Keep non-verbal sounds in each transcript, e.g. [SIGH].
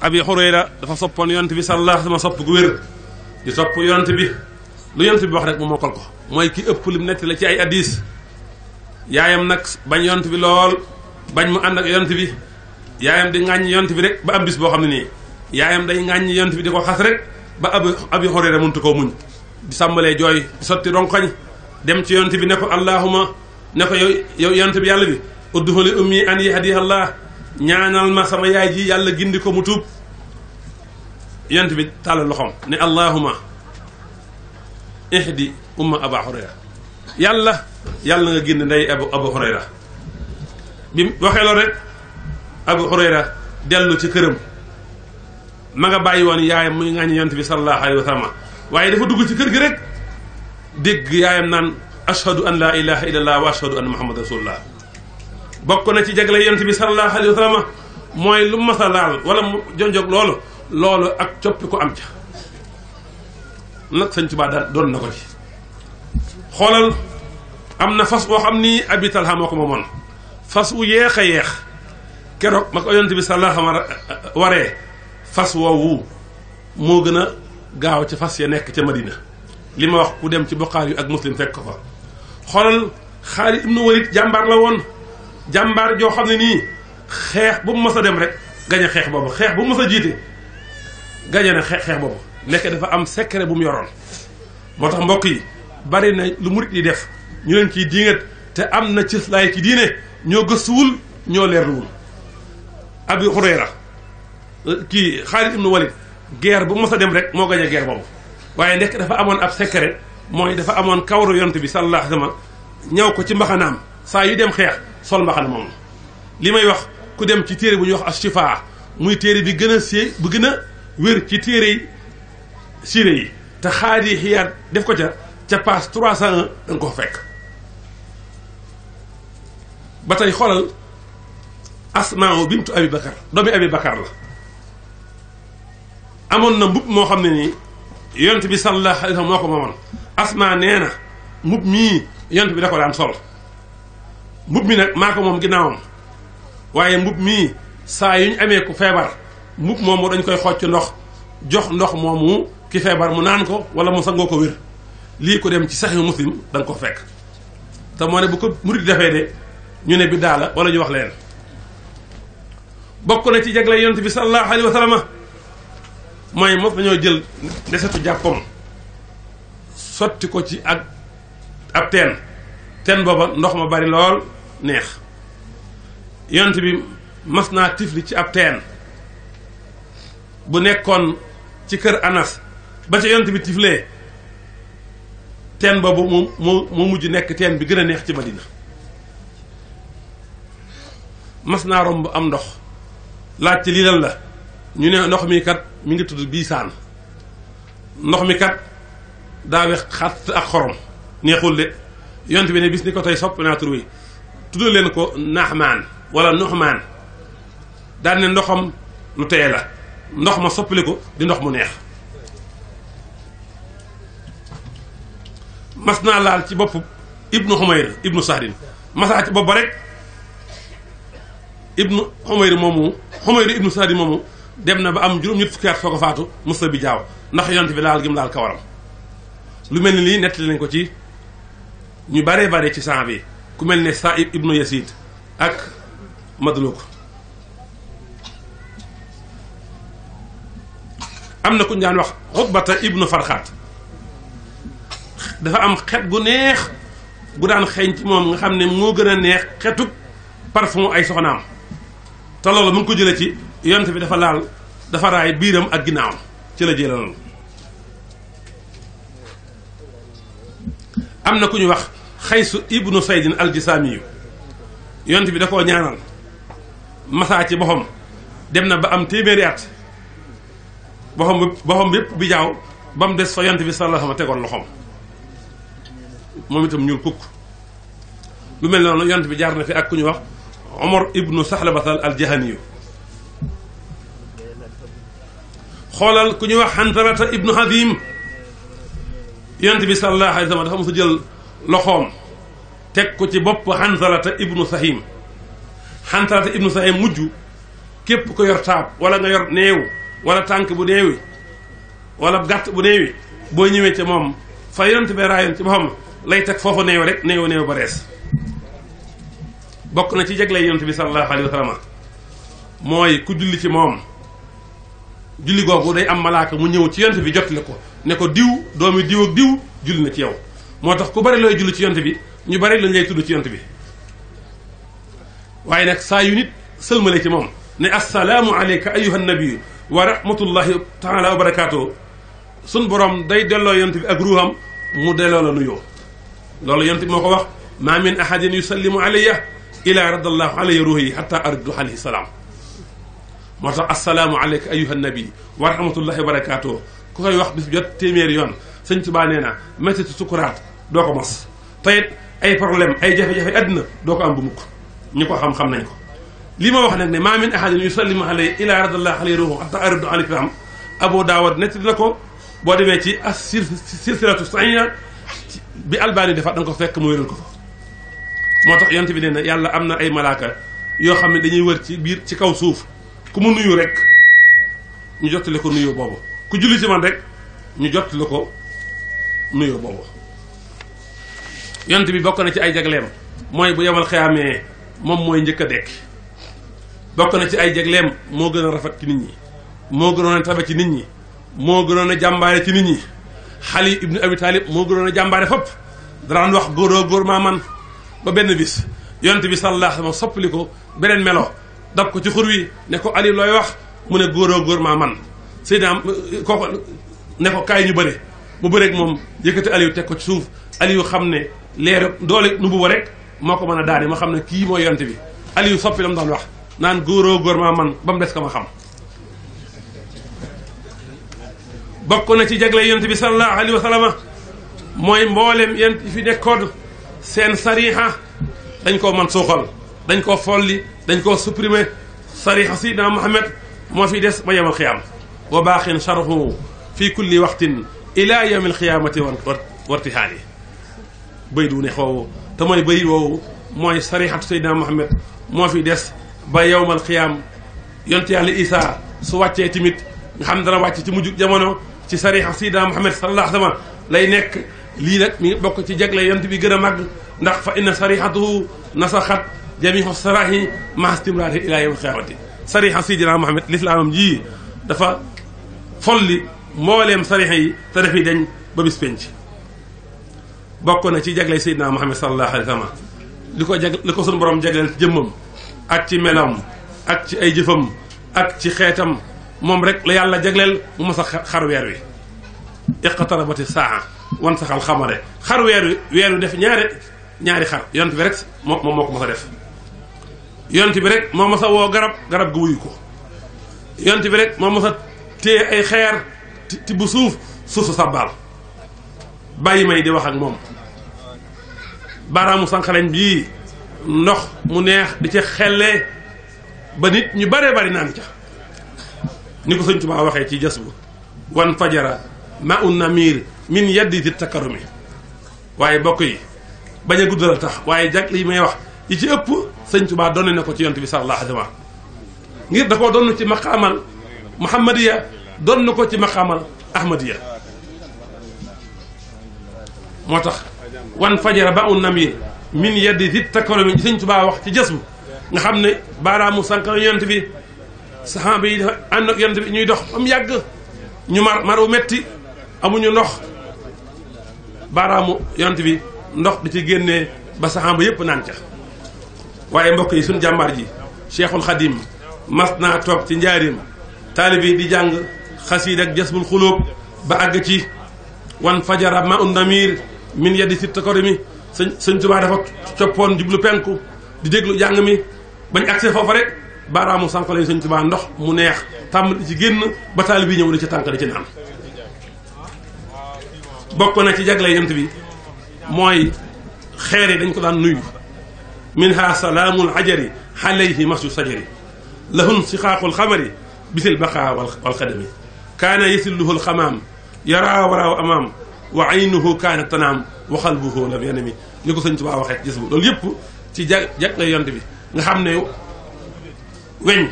abi xurayra dafa soppoon yonent bi sallallahu alayhi wasallam sopp gu di sopp yonent bi lu yonent bi wax rek mu mokkal ko mooy ki ëpp lim netti la ci ay addis yaayam nag bañ yonent bi lool bañ mu ànd ak yonent bi yaayam di ŋàññ yonent bi rek ba am bis boo xam ne nii yaayam day ŋàññ yonent bi di ko xas rek ba ab abi xurayra muntu koo muñ di sàmbalee jooy di sotti ronkoñ dem ci yonent bi ne ko allahuma ne ko yow yow bi yàlla bi udduhu li ummi an yahdiha allah ñaanal ma sama yaay ji yàlla gindi ko mu tuub yent bi tàll loxoom ne allahuma ihdi umma aba hurayra yàlla yàlla nga gindi ndey abu abu hurayra bi waxee loolu rek abu hurayra dellu ci këram ma nga bàyyi woon yaayam muy ŋàññi yant bi sallallahu alayhi wa sallam waaye dafa dugg ci kër gi rek dégg yaayam naan ashhadu an la ilaha illallah wa ashhadu anna muhammad rasulullah bokk na ci jagle yonent bi sallallahu alayhi wa mooy lu masa laal wala mu jonjog loolu loolu ak coppi ko am ca nag sëñ Tuubaa daal doon na ko ci xoolal am na fas boo xam ni Abi Talha moo moomoon fas wu yéex a yéex keroog ma ko yonent bi sallallahu alayhi waree fas woowu moo gën a gaaw ci fas ya nekk ca Madina li ma wax ku dem ci Buxaari ak Muslim fekk ko fa xoolal Xaalid ibnu Walid jàmbaar la woon jàmbaar joo xam ne nii xeex bu mu mës a dem rek gañe xeex boobu xeex bu mu mës a jiite gañe ne xeex boobu nekk dafa am secret bu mu yoroon moo mbokk yi bari na lu murit yi def ñu leen ciy diingat te am na cëslaay ci diine ñoo gëstuwul ñoo leerluwul abi Hurayra kii Xaalid ibnu Walid guerre bu mës a dem rek moo gañe guerre boobu waaye nekk dafa amoon ab secret mooy dafa amoon kawru yont bi sallallahu alayhi wa ñaw ko ci mbaxanaam saa yu dem xeex sol mbaxana moom li may wax ku dem ci téere bu ñuy wax Ashifa muy téere bi gën a see bu gën a wér ci téere yi siire yi te xaadi xiyaat def ko ca ca passe 301 da nga ko fekk ba tey xoolal asmaa bintu abi bakar doomi abi bakar la amoon na mbub moo xam ne nii yont bi sallallahu alayhi wa moo ko moomoon asmaa nee na mbub mii yonent bi da ko daan sol mbub mi nag maa ko moom ginnaawam waaye mbubb mii saa yu ñu amee ku feebar mbub moomu dañ koy xocc ndox jox ndox moomu ki feebar mu naan ko wala mu sangoo ko wér lii ko dem ci saxiix muslim da nga ko fekk te moo ne bu ko murit defee de ñu ne biddaa la wala ñu wax leen bokk na ci jagle yonent bi sallallahu alayhi wa sallam dañoo jël desetu jàppam sotti ko ci ak ab teen teen booba ndox ma bari lool neex yonent bi mas naa tifli ci ab teen bu nekkoon ci kër anas ba ca yonent bi tiflee teen boobu moo moo moo mujj nekk teen bi gën a neex ci madina mas naa romb am ndox laaj ci lii lan la ñu ne ndox mi kat mi ngi tudd bii saan ndox mi kat daa wex xat ak xorom neexul de yonent bi ne bis ni ko tey sopp naa tuddal leen ko naxmaan walla nuxmaan daan ne ndoxam lu teye la ndox ma soppali ko di ndox mu neex mas naa laal ci bopp ibnu xumayr ibnu sahdin masaa ci bopp ba rek ibnu xumayr moomu xumayr ibnu sahdin moomu dem na ba am juróom ñett fukki at soo ko faatu musta bi jaaw ndax yonent bi laal gi mu laal kawaram lu mel ni lii nettali nañ ko ci ñu baree bare ci sang bi ku mel ne Saïb ibnu Yasid ak Madluk am na ku ñu daan wax xutbata ibnu farxaat dafa am xet bu neex gu daan xeeñ ci moom nga xam ne moo gën a neex xetug parfum ay soxnaam te loolu ko jëlee ci yonte bi dafa laal dafa raay biiram ak ginnaawam ci la jëlee loolu am na ku ñu wax xaysu ibnu saydin aljisaamiyu yont bi da koo ñaanal masaa ci boxam dem na ba am téeméeri at boxam boxam yépp bi jaaw ba mu des fa yont bi sallallahu tegoon loxoom moom itam ñuul kukk lu mel noonu yont bi jaar na fi ak ku ñu wax omar ibnu sahlabatal aljahaniyu xoolal ku ñuy wax xantarata ibnu hadim yont bi sallallahu alayhi wa dafa mos jël loxoom teg ko ci bopp xansalata ibnu sahim xansalata ibnu sahim mujj képp ko yor taab wala nga yor néew wala tànk bu néewi wala gàtt bu néewi boo ñëwee ci moom fa yonent be raayoon ci boppam lay teg foofu néew rek néew néew ba bokk na ci jaglay yonent bi sallallahu alayhi wa sallam mooy ku julli ci moom julli googu day am malaaka mu ñëw ci yonent bi jotali ko ne ko diw doomi diw diw julli na ci yow moo tax ku bari looy julli ci yont bi ñu bari lañ lay tudd ci yont bi waaye nag saa yu nit sëlmale ci moom ne assalaamu aleyka ayyuhan nabiyu wa rahmatullahi taala wa barakaatu sun borom day delloo yont bi ak ruuxam mu delloo la nuyoo loolu yont bi moo ko wax ma min ahadin yusallimu alayya ila radallahu alayya ruuxi yi xata araddu alayhi salaam moo tax assalaamu aleyka ayyuhan nabiyu wa rahmatullahi wa barakaatu ku koy wax bis jot téeméeri yoon sëñ Tuubaa nee na métitu sukuraat doo ko mos te it ay problème ay jafe-jafe àddina doo ko am bu mukk ñu ko xam-xam nañ ko li ma wax nag ne maa min ahadin yusallimu alay ila radallah alay ruuxu hatta arabdu alikram abu daawad netti na ko boo demee ci as silsilatu sahiha bi albani dafa da nga ko fekk mu wéral ko fa moo tax yonent bi nee na yàlla am na ay malaaka yoo xam ne dañuy wër ci biir ci kaw suuf ku mu nuyu rek ñu jottali ko nuyu boobu ku julli ci man rek ñu jottali ko nuyoo boobu yont bi bokk na ci ay jagleem mooy bu yemal xeyaamee moom mooy njëkk a dekk bokk na ci ay jagleem moo gën a rafet ci nit ñi moo gënoon a tabe ci nit ñi moo gënoon a jàmbaare ci nit ñi xali ibnu abi taalib moo gënoon a jàmbaare fopp daraan wax góoroo góor maa man ba benn bis yont bi sallallahu alayhi wa sallam ko beneen melo dab ko ci xur wi ne ko ali looy wax mu ne góoroo góor maa man Seydina kooku ne ko kaay ñu bëre bu bëreeg moom yëkkati Aliou teg ko ci suuf Aliou xam ne leer doole nu bu ba rek moo ko mën a daane ma xam ne kii mooy yonte bi Aliou soppi la mu doon wax naan góoroo góor maa man ba mu des ko ma xam bokk na ci jagle yonte bi sallallahu alayhi wa sallam mooy mboolem yent fi nekkoon seen sariixa dañ koo man suuxal dañ koo folli dañ koo supprimer sariixa sidna Muhammad moo fi des ba yemal xiyaam wa baaxin sharhu fi kulli waxtin ilaa yawmil xiyaamati wan warti xaali bëy du ne xoowu te mooy bëy woowu mooy sarixatu seydina Muhammad moo fi des ba yawmal xiyaam yonte yàlla Isaa su wàccee tamit nga xam dana wàcc ci mujj jamono ci sarixa seydina Muhammad sallallahu alayhi wa sallam lay nekk lii nag mi bokk ci jagle yont bi gën a màgg ndax fa inna sarixatuhu nasaxat jamihu sarahi ma istimraari ilaa yawmil xiyaamati sarixa seydina Muhammad lislaamam jii dafa folli mbooleem tarixa yi tarix yi dañ ba bis penc bokk na ci jagle jagleel Seydina Muhammad sallallahu alayhi wa sallam li ko jag li ko sunu borom jagleel ci jëmmam ak ci melam ak ci ay jëfam ak ci xeetam moom rek la yàlla jagleel mu mos a xar weer wi iqtarabati saa wan saxal xamare xar weer wi weer wi def ñaari ñaari xar yonent bi rek moom moo ko mos a def yonent bi rek moo mos a woo garab garab gu wuyu ko yonent bi rek moo mos a téye ay xeer tibb suuf suufu sàbbaal bàyyi may di wax ak moom baaraamu sànqaleñ bii ndox mu neex di ca xellee ba nit ñu baree bari naan ca ni ko sëñ Tuubaa waxee ci jas bu wan fajara ma un namir min yaddi di takkarumi waaye bokk yi bañ a guddal tax waaye jag li may wax yi ci ëpp sëñ Tuubaa donne na ko ci yont bi sallallahu alayhi wa sallam ngir da koo doon ci maqaamal muhammadiya doon na ko ci maqaamal ahmadiya moo tax wan fajara ba un nam yi min yeddi di takkalo mi sëñ Tuubaa wax ci jës bu nga xam ne baaraamu sànqal yonent bi saxaaba yi dafa ànd ak bi ñuy dox am yàgg ñu mar maru metti amuñu ndox baaraamu yonent bi ndox di ci génnee ba saxaaba yëpp naan ca waaye mbokk yi suñu jàmbaar ji cheikhul xadim mas naa toog ci njaarim taalib yi di jàng xasiid ak jasbul xulóob ba àgg ci wan fajara ma un min yeddi si takori mi sëñ sëñ Tuubaa dafa coppoon jublu penku di déglu jàng mi bañ accès foofa rek baaraamu sànq lañu sëñ Tuubaa ndox mu neex tàmm di ci génn ba taalibe yi ñëw di ci tànk di ci naan bokk na ci jaglay yent bi mooy xeer yi dañ ko daan nuyu minha salaamul ajari xaleyhi masu sajari lahun sixaaqul xamari bisil baqaa wal xadami kaana yasilluhul xamaam yaraa amaam wa aynuhu kaana tanaam wa qalbuhu lam yanami ni ko sëñ Tuubaa waxee gis bu loolu yëpp ci ja yont bi nga xam ne weñ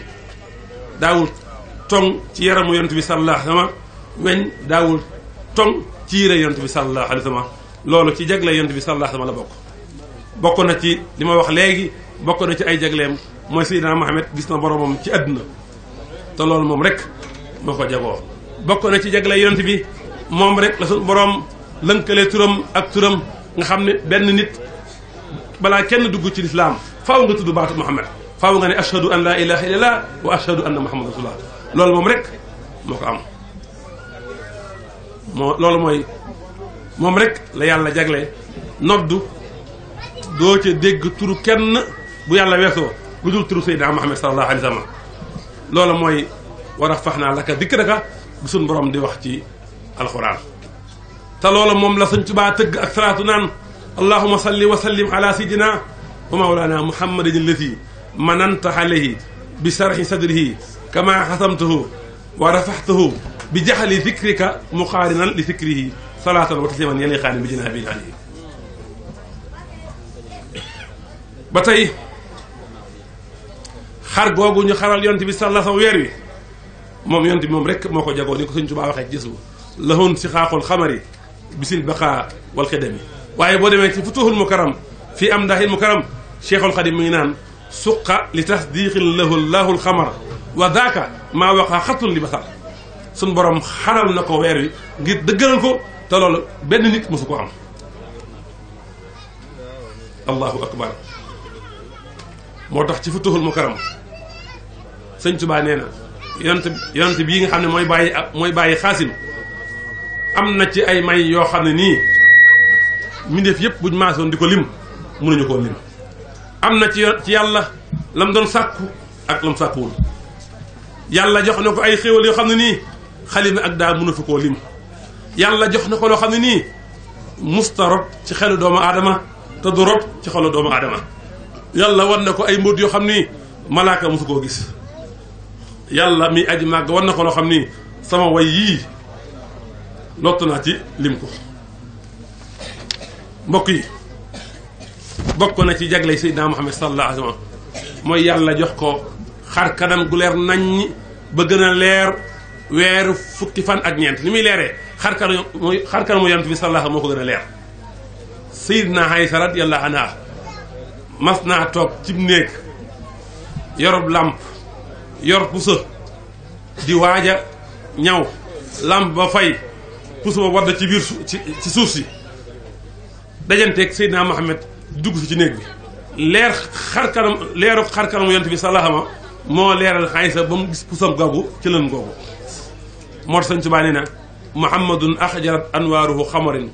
daawul ci yaramu yont bi sallallahu alayhi wa bi sallallahu alayhi loolu ci jagle yont bi sallallahu alayhi la bokk bokk na ci li ma wax léegi bokk na ci ay jagleem mooy Seydina Mohamed gis na boromam ci àdduna te loolu moom rek moo ko jagoo bokk na ci jagle yonent bi moom rek la suñu boroom lënkale turam ak turam nga xam ne benn nit balaa kenn dugg ci lislaam faw nga tudd baatu Muhammad faaw nga ne ashhadu an laa ilaha illallah wa ashhadu anna muhammad rasulullah loolu moom rek moo ko am loolu mooy moom rek la yàlla jagle noddu doo ca dégg turu kenn bu yàlla weesoo lu dul turu sayyidina Muhammad sallallahu alayhi wa loolu mooy wa rafahnaa laka dikraka suñ borom di wax ci alxuraan te loola moom la Sëñ Tuubaa tëgg ak salaatu naan allahuma salli wa sallim ala sayidina wa mawlana muhammadin allati mananta alayhi bi sharhi sadrihi kama xasamtahu wa rafaxtahu bi jaxali dikrika muqaarinan li dikrihi salaatan wa tasliman yeni xaani bi jinaa bin alayhi ba tey xar googu ñu xaral yonte bi salla sa weer wi moom yonent bi moom rek moo ko jagoo ni ko sëñ Tuubaa waxee gis nga lahoon si xaaxul xamari bisil baqaa wal waaye boo demee ci futuhul mukarram fii am ndaxil mukarram Cheikhul Xadim mi ngi naan suqa li tasdiqin lahul lahul xamar wa daaka maa waqa xatun li basar suñ borom xaral na ko weer wi ngir dëggalal ko te loolu benn nit mosu ko am allahu akbar moo tax ci futuhul mukarram sëñ Tuubaa nee na yonent yonent bii nga xam ne mooy bàyyi ak mooy bàyyi xaasim am na ci ay may yoo xam ne nii mbindeef yëpp buñ maasoon di ko lim mënuñu koo lim am na ci ci yàlla lam doon sàkku ak lam sàkkuwul yàlla jox na ko ay xéewal yoo xam ne nii xalima ak daa mënu fi koo lim yàlla jox na ko loo xam ne nii musta rob ci xelu doomu aadama te du rob ci xelu doomu aadama yàlla war na ko ay mbóot yoo xam ni malaaka mosu koo gis yàlla mi aji màgg war na ko loo xam ni sama way yii lott naa ci lim ko mbokk yi bokk na ci jagley Seydina Muhammad sallallahu alayhi mooy yàlla jox ko xarkanam gu leer naññ ba gën a leer weeru fukki fan ak ñeent ni muy leeree xar kanam mooy xar kanamu yonent bi sallallahu moo ko gën a leer Seydina Aysa radiyallahu anha mas naa toog cib néeg yorub làmp yor pusa di waaja ñaw làmb ba fay pusa ba wadd ci biir ci suuf si dajanteeg Seydina Mohamed dugg si ci néeg bi leer xar leeru xar kanamu bi salaama moo leeral xaysa ba mu gis pusam googu ci lën googu moo tax Sëñ Tuubaa nee na muhammadun axjarat anwaaruhu xamarin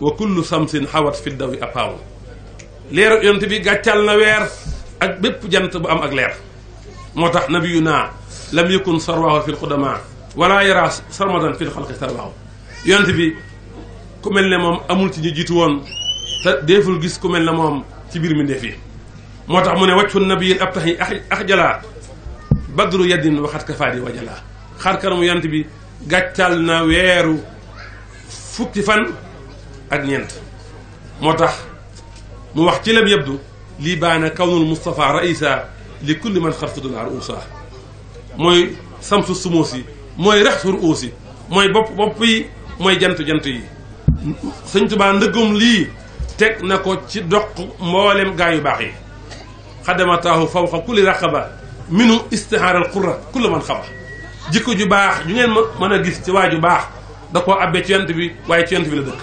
wa kullu samsin xawat fi dawi apaawu leeru yonent bi gàccal na weer ak bépp jant bu am ak leer moo tax nabiyuna lam yakun sarwaahu fil xudama wala yara sarmadan fil xalqi sarwaahu yonent bi ku mel ne moom amul ci ñu jiitu woon te deeful gis ku mel ne moom ci biir mi ndeef yi moo tax mu ne wàccu nabiyil ab tax yi ax jalaa badru yaddin waxat kafaadi wajalaa xar kanamu yonent bi gàccal na weeru fukki fan ak ñeent moo tax mu wax ci lam yabdu lii baana kawnul Moustapha raïsa li kulli man xafsatu naar uusa mooy samsu sumuus yi mooy rex sur uus mooy bopp bopp yi mooy jant-jant yi sëñ tubaa ndëggum lii teg na ko ci doq mboolem gaa yu baax yi xadamataahu fawqa kulli raqaba minu istihaaral qurra kulli man xaba jikko ju baax ju ngeen ma mën a gis ci waa ju baax da koo abbee ci yant bi waaye ci yant bi la dëkk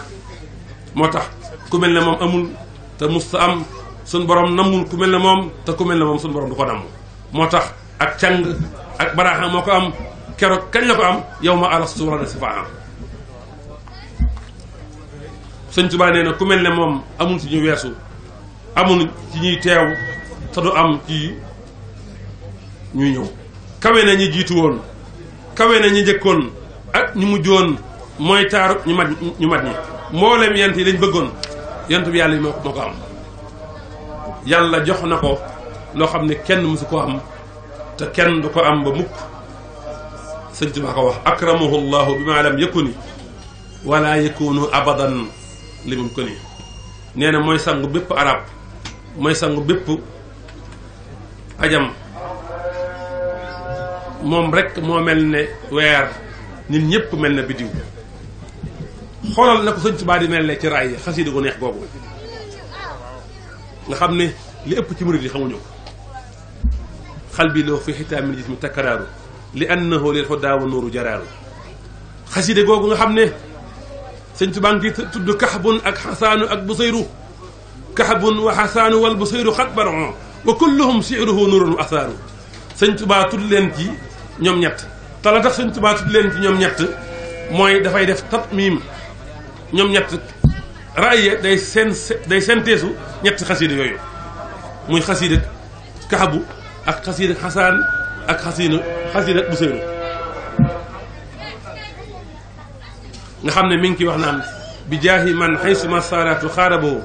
moo tax ku mel ne moom amul te musta am suñ borom nammul ku mel ne moom te ku mel ne moom suñ borom du ko namm moo tax ak càng ak baraaxa moo ko am keroog kañ la ko am yow ma àla suura ne si fa am sëñ Tuubaa nee na ku mel ne moom amul si ñu weesu amul ci ñuy teew te du am ci ñuy ñëw kawe na ñu jiitu woon kawe na ñu jëkkoon ak ñu mujjoon mooy taaru ñu mat ñu ñi mboolem yent yi lañ bëggoon yant bi yàlla yi moo ko am yàlla jox na ko loo xam ne kenn mësu ko am te kenn du ko am ba mukk sëñ Tuubaa ko wax akramahu llahu bi ma lam yakuni wala yakunu abadan li mun ko nii nee na mooy sangu bépp arab mooy sangu bépp ajam moom rek moo mel ne weer nit ñëpp mel na biddiw xoolal na ko sëñ Tuubaa di mel ne ci raay yi xasiida gu neex googu nga xam ne li ëpp ci murid yi xamuñu ko xal bi loo fi xitaamin gis mi takkaraaru li annahu lil hudaa wa nuuru jaraaru xaside googu nga xam ne sëñ Tuubaa ngi tudd kaxbun ak xasaanu ak busayru kaxbun wa xasaanu wal busayru xat baron wa kulluhum siiruhu nuurun wa asaaru sëñ Tuubaa leen ci ñoom ñett te la tax sëñ Tuubaa leen ci ñoom ñett mooy dafay def tatmiim ñoom ñett raaya day senteesu ñetti xasiida yooyu muy xasiida kaxabu ak xasiida xasaan ak xasiida xasiida nga xam ne mi ngi ciy wax naan bi jaahi man xaysuma saaraatu xaaraboo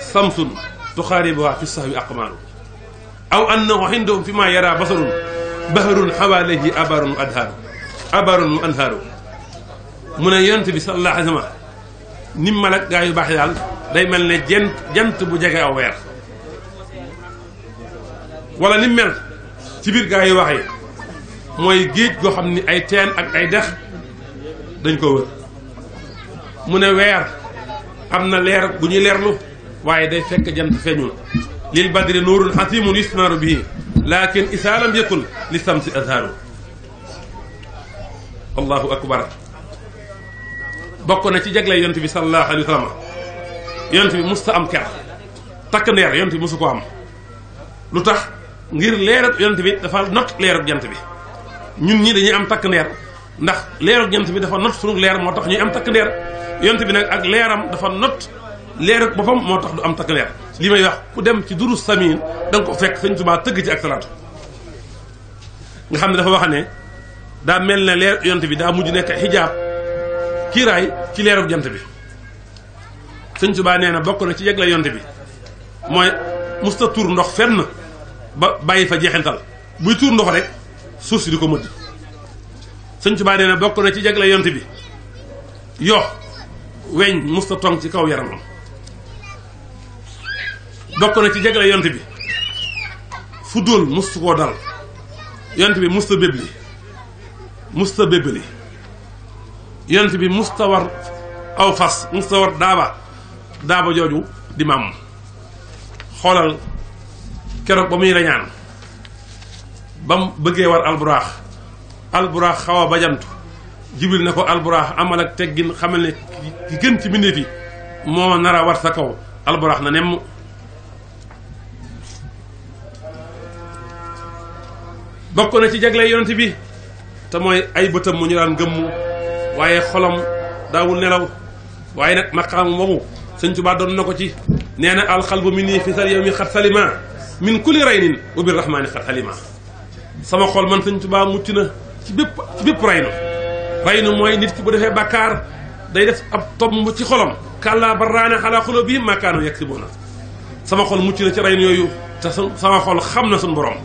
samsun tuxaaribuha fi sahwi aqmaaru aw annahu indahum fi ma yara basarun baharun xawaalayhi abarun adhaaru mu anhaaru mu ne yonent bi sallallahu alayhi nim mel ak gaa yu baax daal day mel ne jent jant bu jege aw weer wala nim mel ci biir gaa yu wax yi mooy géej goo xam ni ay teen ak ay dex dañ ko wër mu ne weer am na leer bu ñuy leerlu waaye day fekk jant feeñul lil badri nuurun xasimun yusnaaru bihi laakin isaalam yakun li samsi azharu allahu akbar bokk na ci jagleel yonent bi sallallahu alayhi wa sallam yonent bi musta am ker takk ndeer yonent bi musu ko am lu tax ngir leerug yonent bi dafa not leerug jant bi ñun ñi dañuy am takk ndeer ndax leerug jant bi dafa not sunu leer moo tax ñuy am takk ndeer yonent bi nag ak leeram dafa not leerug boppam moo tax du am takk ndeer li may wax ku dem ci duru samin da nga ko fekk sëñ Tuubaa tëgg ci ak salaatu nga xam ne dafa wax ne daa mel ne leer yont bi daa mujj nekk xijaab kiiraay ci leeru jant bi sëñ Tuubaa nee na bokk na ci yëgle yont bi mooy musta tuur ndox fenn ba bàyyi fa jeexantal buy tuur ndox rek suuf si di ko mëdd sëñ Tuubaa nee na bokk na ci yëgle yont bi yox weñ musta tong ci kaw yaramam bokk na ci jagle yont bi fu dóol musta koo dal yont bi musta bébli musta bébli yonent bi musta aw fas musta war daaba daaba jooju di maam xoolal keroog ba muy rañaan ba bëggee war alburaax alburaax xawa a bajantu jibril na ko alburaax amal ak teggin xamal ne ki gën ci mbindeef yi moo nar a sa kaw alburaax na nemm bokk na ci jagle yonent bi te mooy ay bëtam mu ñu daan gëmmu waaye xolom daawul nelaw waaye nag maqaamu moomu sëñ baa doon na ko ci nee na alxalbu mi nii fi sal yow mi xat salima min kulli raynin wa bir rahmaani xat salima sama xol man sëñ Tuubaa mucc na ci bépp ci bépp raynu raynu mooy nit ki bu defee bàkkaar day def ab tomb ci xolom kàllaa ba raana xalaa xulo bii makaano yegg si boona sama xol mucc na ci raynu yooyu te sama xol xam na suñu borom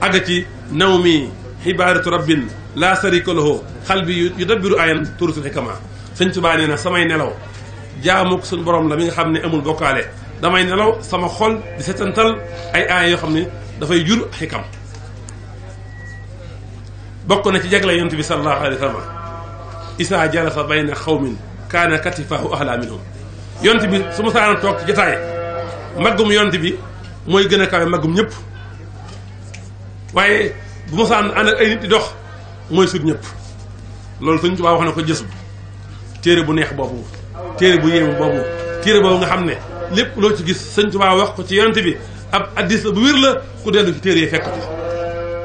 àgg ci naw mi ibaadatu rabbin laa sharika lahu xal bi yu dabbiru ayan turusul xikama sëñ Tuubaa na samay nelaw jaamuk suñu borom la mi nga xam ne amul bokkaale damay nelaw sama xol di setantal ay aaya yoo xam ne dafay jur xikam bokk na ci jagle yont bi sa alayhi wa sallam isaa jalasa bayna xawmin kaana katifaahu ahlaa minhum bi su ma saana toog ci jotaay mbaggum yonent bi mooy gën a kawe mbaggum ñëpp waaye bu ma sa ànd ak ay nit di dox mooy sut ñëpp loolu Sëñ Tuubaa wax na ko jës bu téere bu neex boobu téere bu yéemu boobu téere boobu nga xam ne lépp loo ci gis Sëñ Tuubaa wax ko ci yonent bi ab addis bu wér la ku dellu ci téere yi fekk ko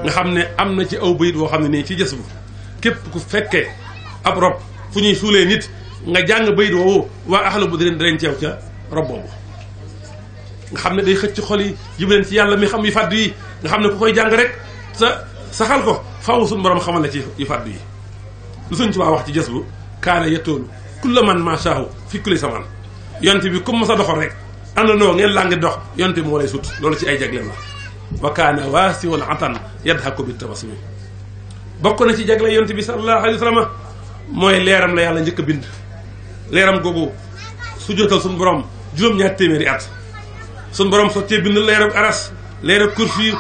nga xam ne am na ci aw bayit boo xam ne nii ci jës képp ku fekkee ab rob fu ñuy suulee nit nga jàng bayit woowu waa axalu bu dinañ dinañ teew ca rob boobu nga xam ne day xëcc xol yi jubleen ci yàlla mi xam yi fàddu yi nga xam ne ku koy jàng rek sa saxal ko faaw suñu borom xamal na ci yu fàddu yi lu suñ ci waa wax ci jës bu kaana yettoolu kulla man maasaahu fi kulli samaan yonte bi comme sa doxal rek àndandoo ngeen laa ngi dox yonte bi moo lay sut loolu ci ay jagleem la wa kaana waasiwal atan yadhaku bi tabasumi bokk na ci jagle yonte bi sa alayhi wa sallam mooy leeram la yàlla njëkk a bind leeram googu su jotal suñu borom juróom-ñaar téeméeri at suñu borom sottee bind leerab aras leerab kursi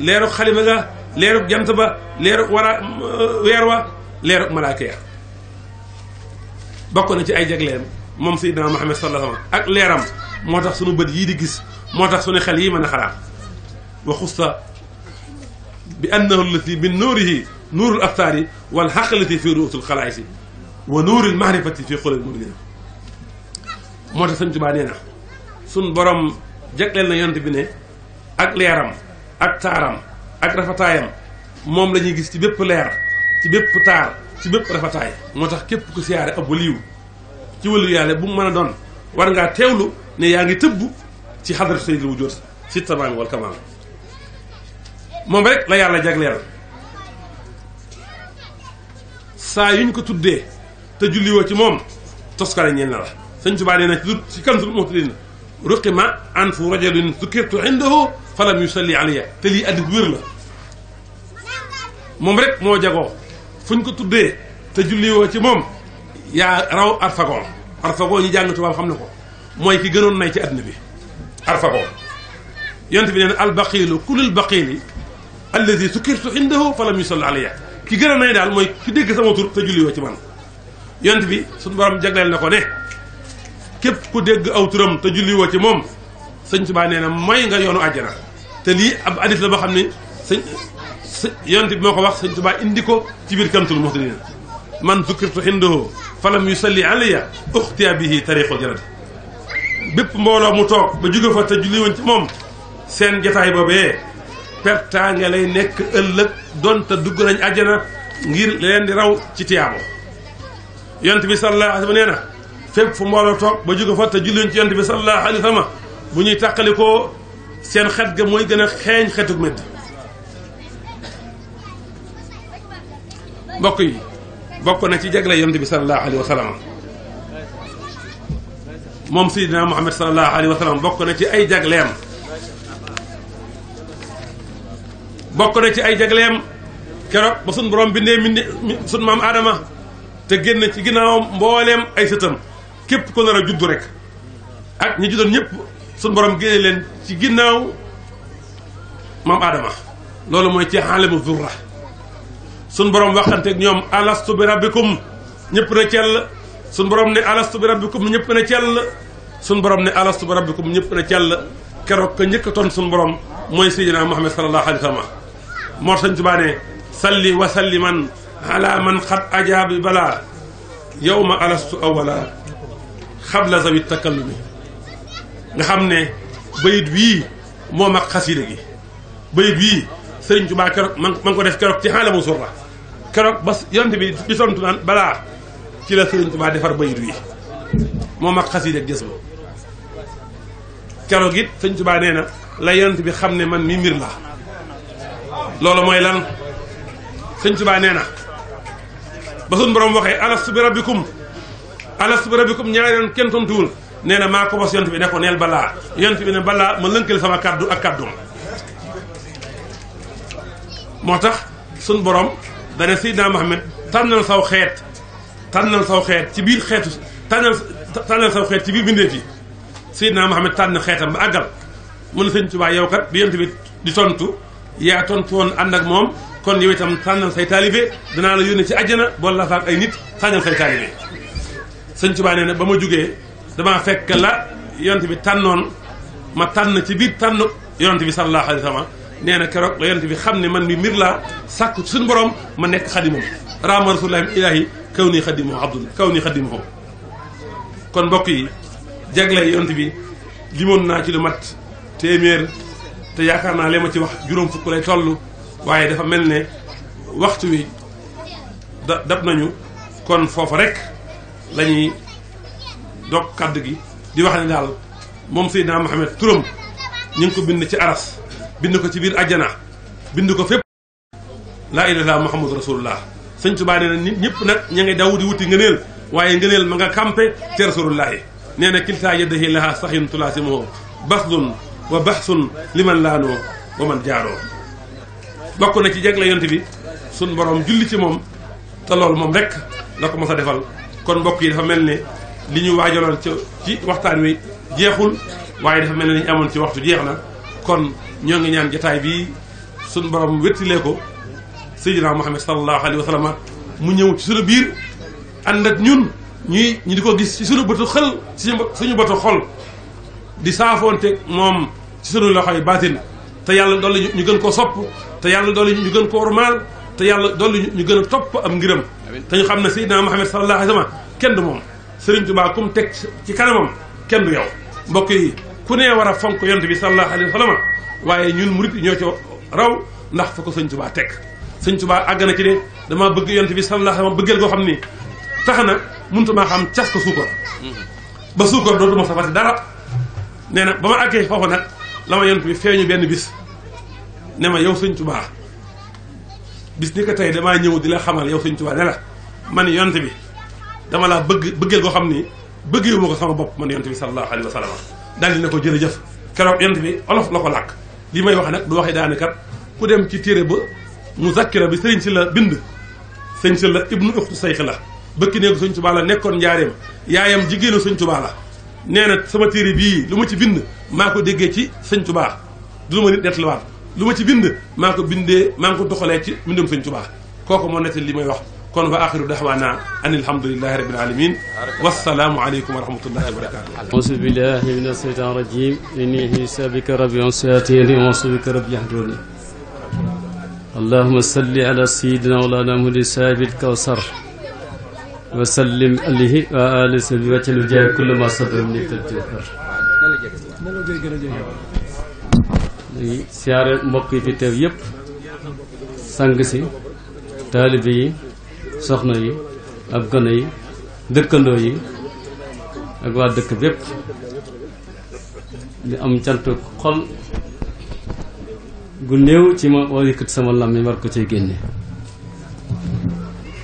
leerug xalima ga leerug jant ba leerug war a euh, weer wa leerug malaaka ya bokk na ci ay jagleem moom Seydina Muhammad sallallahu alayhi wa sallam ak leeram moo tax sunu bët yii di gis moo tax sunu xel yi mën a xalaat wa xussa bi annahu allati min nuurihi nuurul absaari wal xaqalati fi ruusul xalaayisi wa nuuril maarifati fi xolil muridina moo tax sëñ Tuubaa nee na sunu borom jagleel na yonent bi ne ak leeram ak taaram ak rafetaayam moom la ñuy gis ci bépp leer ci bépp taar ci bépp rafetaay moo tax képp ku siyaare ab yiw ci waliyu yàlla bu mën a doon war ngaa teewlu ne yaa ngi tëbb ci xadratu sayyidil wujuud si tamaam wal kamaam moom rek la yàlla jagleel saa yuñ ko tuddee te julliwoo ci moom toskale ñeen na la sëñ Tuubaa na ci kanzul muhtadin ruqima an fu rajulin zukirtu indahu falam yusalli alayya te lii addit wér la moom rek moo jagoo fuñ ko tuddee te julli ci moom yaa raw arfagon arfagon ñu jàng tubaab xam ne ko mooy ki gënoon nay ci àdduna bi arfagon yonent bi nee na albaqiilu kulul baqiili alladi sukirtu indahu falam yusalli alayya ki gën a nay daal mooy ki dégg sama tur te julli ci man yonent bi suñu borom jagleel na ko ne képp ku dégg aw turam te julli ci moom sëñ Tuubaa nee na mooy nga yoonu àjjana te lii ab hadith la boo xam ne sëñ yonent bi moo ko wax sëñ Tuubaa indi ko ci biir Kanzul Muhtadin man zukirtu hindahu falam yusalli alayya uxtiya bihi tariqul jarati bépp mbooloo mu toog ba jóge fa te julli ci moom seen jataay boobee pertaa nga lay nekk ëllëg donte dugg nañ àjjana ngir leen di raw ci tiyaabo yonent bi sallallahu alayhi wa sallam nee na fépp fu mbooloo toog ba jóge fa te julli woon ci yonent bi sallallahu alayhi wa bu ñuy tàqalikoo seen xet ga mooy gën a xeeñ xetuk mënt mbokk yi bokk na ci jagle yonent bi sallallahu alayhi wa sallam moom Seydina Muhammad sallallahu alayhi wa sallam bokk na ci ay jagleem bokk na ci ay jagleem keroog ba suñ borom mi minde suñ maam Adama te génn ci ginnaawam mbooleem ay sëtam képp ku nar a juddu rek ak ñu juddoon ñépp suñu borom génne leen ci ginnaaw mam Adama loolu mooy ci xaalimu zurra suñu borom waxanteeg ñoom alastu bi rabbikum ñëpp na cell suñu borom ne alastu bi rabbikum ñëpp na cell suñu borom ne alastu bi rabbikum ñëpp na cell keroog ka njëkk a toon suñu mooy sayyidina Muhammad sallallahu alayhi wa sallam moo tax ñu Tuubaa man xat ajaabi yow ma alastu awala xabla zawi takallumi nga xam ne bayit wii moom ak xasida gi bayit wii sëriñ Tuubaa keroog man man ko def keroog ci xaala mu surra keroog ba yonte bi di tontu naan balaa ci la sëriñ Tuubaa defar bayit wii moom ak xasida gis ba keroog it sëriñ Tuubaa nee na la yonte bi xam ne man mi mbir la loolu mooy lan sëriñ Tuubaa nee na ba suñ borom waxee alastu bi rabbikum alastu bi rabbikum ñaari yoon kenn tontuwul nee na maa ko yont bi ne ko neel balaa yont bi ne balaa ma lënkal sama kàddu ak kàddum moo tax suñ borom dane Seydina Muhammad tànnal saw xeet tànnal saw xeet ci biir xeetu tànnal tànnal saw xeet ci biir bindeef yi Seydina Muhammad tànn xeetam ba àggal mun na sëñ Tuubaa yow kat bi yont bi di tontu yaa tontu woon ànd ak moom kon yow itam tànnal say taalibe danaa la yónnee ci àjjana bool la faak ay nit tànnal say taalibe sëñ Tuubaa nee na ba ma jugee damaa fekk la yonent bi tànnoon ma tànn ci biir tànn yonent bi sallallahu alayhi wa nee na keroog la yonent bi xam ne man mi mbir laa sàkku suñu borom ma nekk xadimam raama rasulullahi ilaahi kaw nii xadimu abdul kaw kon mbokk yi jagle yonent bi limoon naa ci lu mat téeméer te yaakaar naa li ma ci wax juróom fukk lay toll waaye dafa mel ne waxtu wi da dab nañu kon foofu rek lañuy dog kàddu gi di wax ne daal moom Seydina Mohamed turam ñu ngi ko bind ci aras bind ko ci biir ajjana bind ko fépp laa ilaha muhammadu rasulullah sëñ Tuubaa nee na nit ñëpp nag ña ngi daw di wuti ngëneel waaye ngëneel ma nga campé ci rasulullahi nee na kiltaa yeddahi lahaa saxin tulaasimoho baslun wa baxsun liman laanoo wa man jaaroo bokk na ci jagle yonent bi sun borom julli ci moom te loolu moom rekk la ko mos a defal kon mbokk yi dafa mel ne li ñu waajaloon ca ci waxtaan wi jeexul waaye dafa mel ne li ñu amoon ci waxtu jeex na kon ñoo ngi ñaan jataay bi suñ borom wettilee ko sayyidina Muhammad sallallahu alayhi wa sallam mu ñëw ci suñu biir ànd ak ñun ñuy ñu di ko gis ci suñu botu xel ci suñu botu xol di saafoonte moom ci suñu loxoy baatin te yàlla dolli ñu gën koo sopp te yàlla dolli ñu gën koo ormaal te yàlla dolli ñu gën a topp am ngiram te ñu xam ne sayyidina Muhammad sallallahu alayhi wa sallam kenn du moom sëriñ Tuubaa kum teg ci kanamam kenn du yow mbokk yi ku nee war a fonk yonent bi sallallahu alayhi waaye ñun murit ñoo ci raw ndax fa ko sëñ Tuubaa teg sëñ Tuubaa àgg na ci de damaa bëgg yonent bi sallallahu alayhi wa bëggeel koo xam ni tax na mënutuma xam cas ko suukar ba suukar dootuma safati dara nee na ba ma àggee foofu nag la ma yonent bi feeñu benn bis ne ma yow sëñ Tuubaa bis ni ko tey damaa ñëw dina la xamal yow sëñ Tuubaa ne la man yonent bi dama laa bëgg bëggeel koo xam ni bëggee wu ko sama bopp man yonent bi sallallahu alayhi wa sallam daal dina ko jërëjëf keroog yonent bi olof la ko làkk li may wax nag du waxee daanakat ku dem ci téere ba muzakkira bi sëriñ si la bind sëñ si la ibnu uxtu sayxi la bëkki néegu sëñ tubaa la nekkoon njaareem yaayam jigéenu sëñ tubaa la nee na sama téere bii lu ma ci bind maa ko déggee ci sëñ tubaa du lu ma nit detluwaat lu ma ci bind maa ko bindee maa ngi ko doxalee ci mbindum sëñ tubaa kooku moo nekk li may wax kon wa axiru daxwaana an alhamdulilahi rabil alamin wasalaamu aleykum wa rahmatullahi wa barakatuh auzu billahi min asheytan rajim inni sabika rabbi ansatini wasubika rabbi yahdurni allahuma salli ala sayidina walana muhammadin saabil kawsar wa sallim alayhi wa ali sahbi wa sallim jaay kullu ma sabab ni tadjikar siyaare mbokk yi fi teew yëpp sang si taalibe yi soxna yi ak gone yi dëkkandoo yi ak waa dëkk bépp di am cant xol gu néew ci ma war yëkkati sama làmmiñ war ko cee génne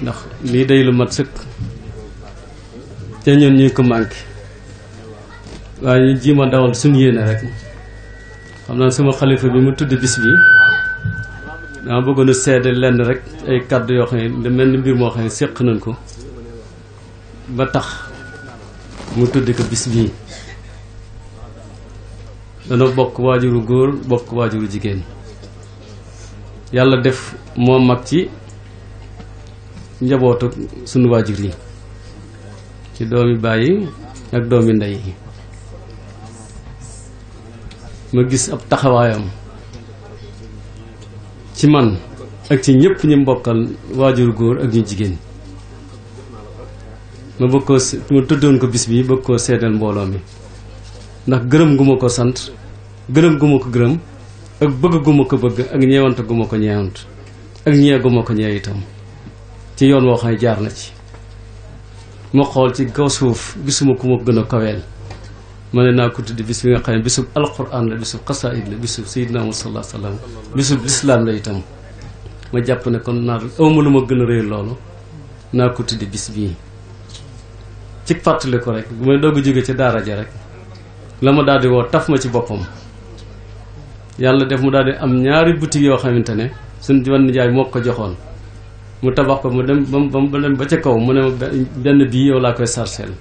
ndax lii day lu mat sëkk te ñun ñuy ko manqué waaye ñu ji ma dawal suñu yéene rek xam naa sama xalifa bi mu tudd bis bi dama bëggoon sedd lenn rek ay kàddu yoo xam ne mel ni mbir moo xam ne séq nañ ko ba tax mu tudd ko bis bii dana bokk waajuru góor bokk waajuru jigéen yàlla def moo mag ci njabootu sunu waajur yi ci doomi bàyyi ak doomi ndey yi ma gis ab taxawaayam ci man ak ci ñëpp ñu mbokkal waajur góor ak ñu jigéen ma bëgg koo ma tëddoon ko bis bi bëgg koo seddal mbooloo mi ndax gërëm gu ma ko sant gërëm gu ma ko gërëm ak bëgg gu ma ko bëgg ak ñeewant gu ma ko ñeewant ak ñee gu ma ko ñee itam ci yoon woo xam ne jaar na ci ma xool ci kaw suuf gisuma ku ma gën a kaweel ma ne naa ko di bis bi nga xam ne bisub alquran la bisub xasaid la bisub sayidna Muhammad sallallahu alayhi wa sallam bisub lislaam la itam ma jàpp ne kon naa awma lu ma gën a rëy loolu naa ko di bis bi ci fàttali ko rek bu may doog a jóge ca daara ja rek la ma daal di woo taf ma ci boppam yàlla def mu daal di am ñaari boutique yoo xamante ne suñ wan nijaay moo ko joxoon mu tabax ko mu dem ba mu dem ba ca kaw mu ne benn bii yow laa koy sarceel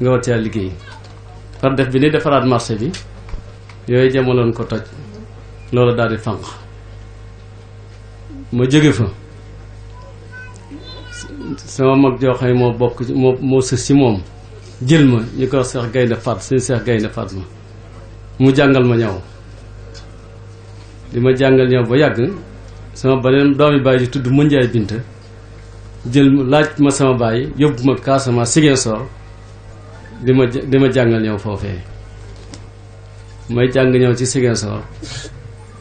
nga war caa liggéey par def bi ni defaraat marché bi yooyu jamonoon ko toj loolu daal di fànq ma jóge fa sama mag joo xam ne moo bokk moo sës ci moom jël ma ñu ko seex gaynde faat suñu seex gaynde faat ma mu jàngal ma ñaw li ma jàngal ñaw ba yàgg sama beneen doomi baay ji tudd Mënjaay Binta jël laaj ma sama baay yóbbu ma Casamance Ziguinchor di ma di ma jàngal ñëw foofee may jàng ñëw ci Ziguinchor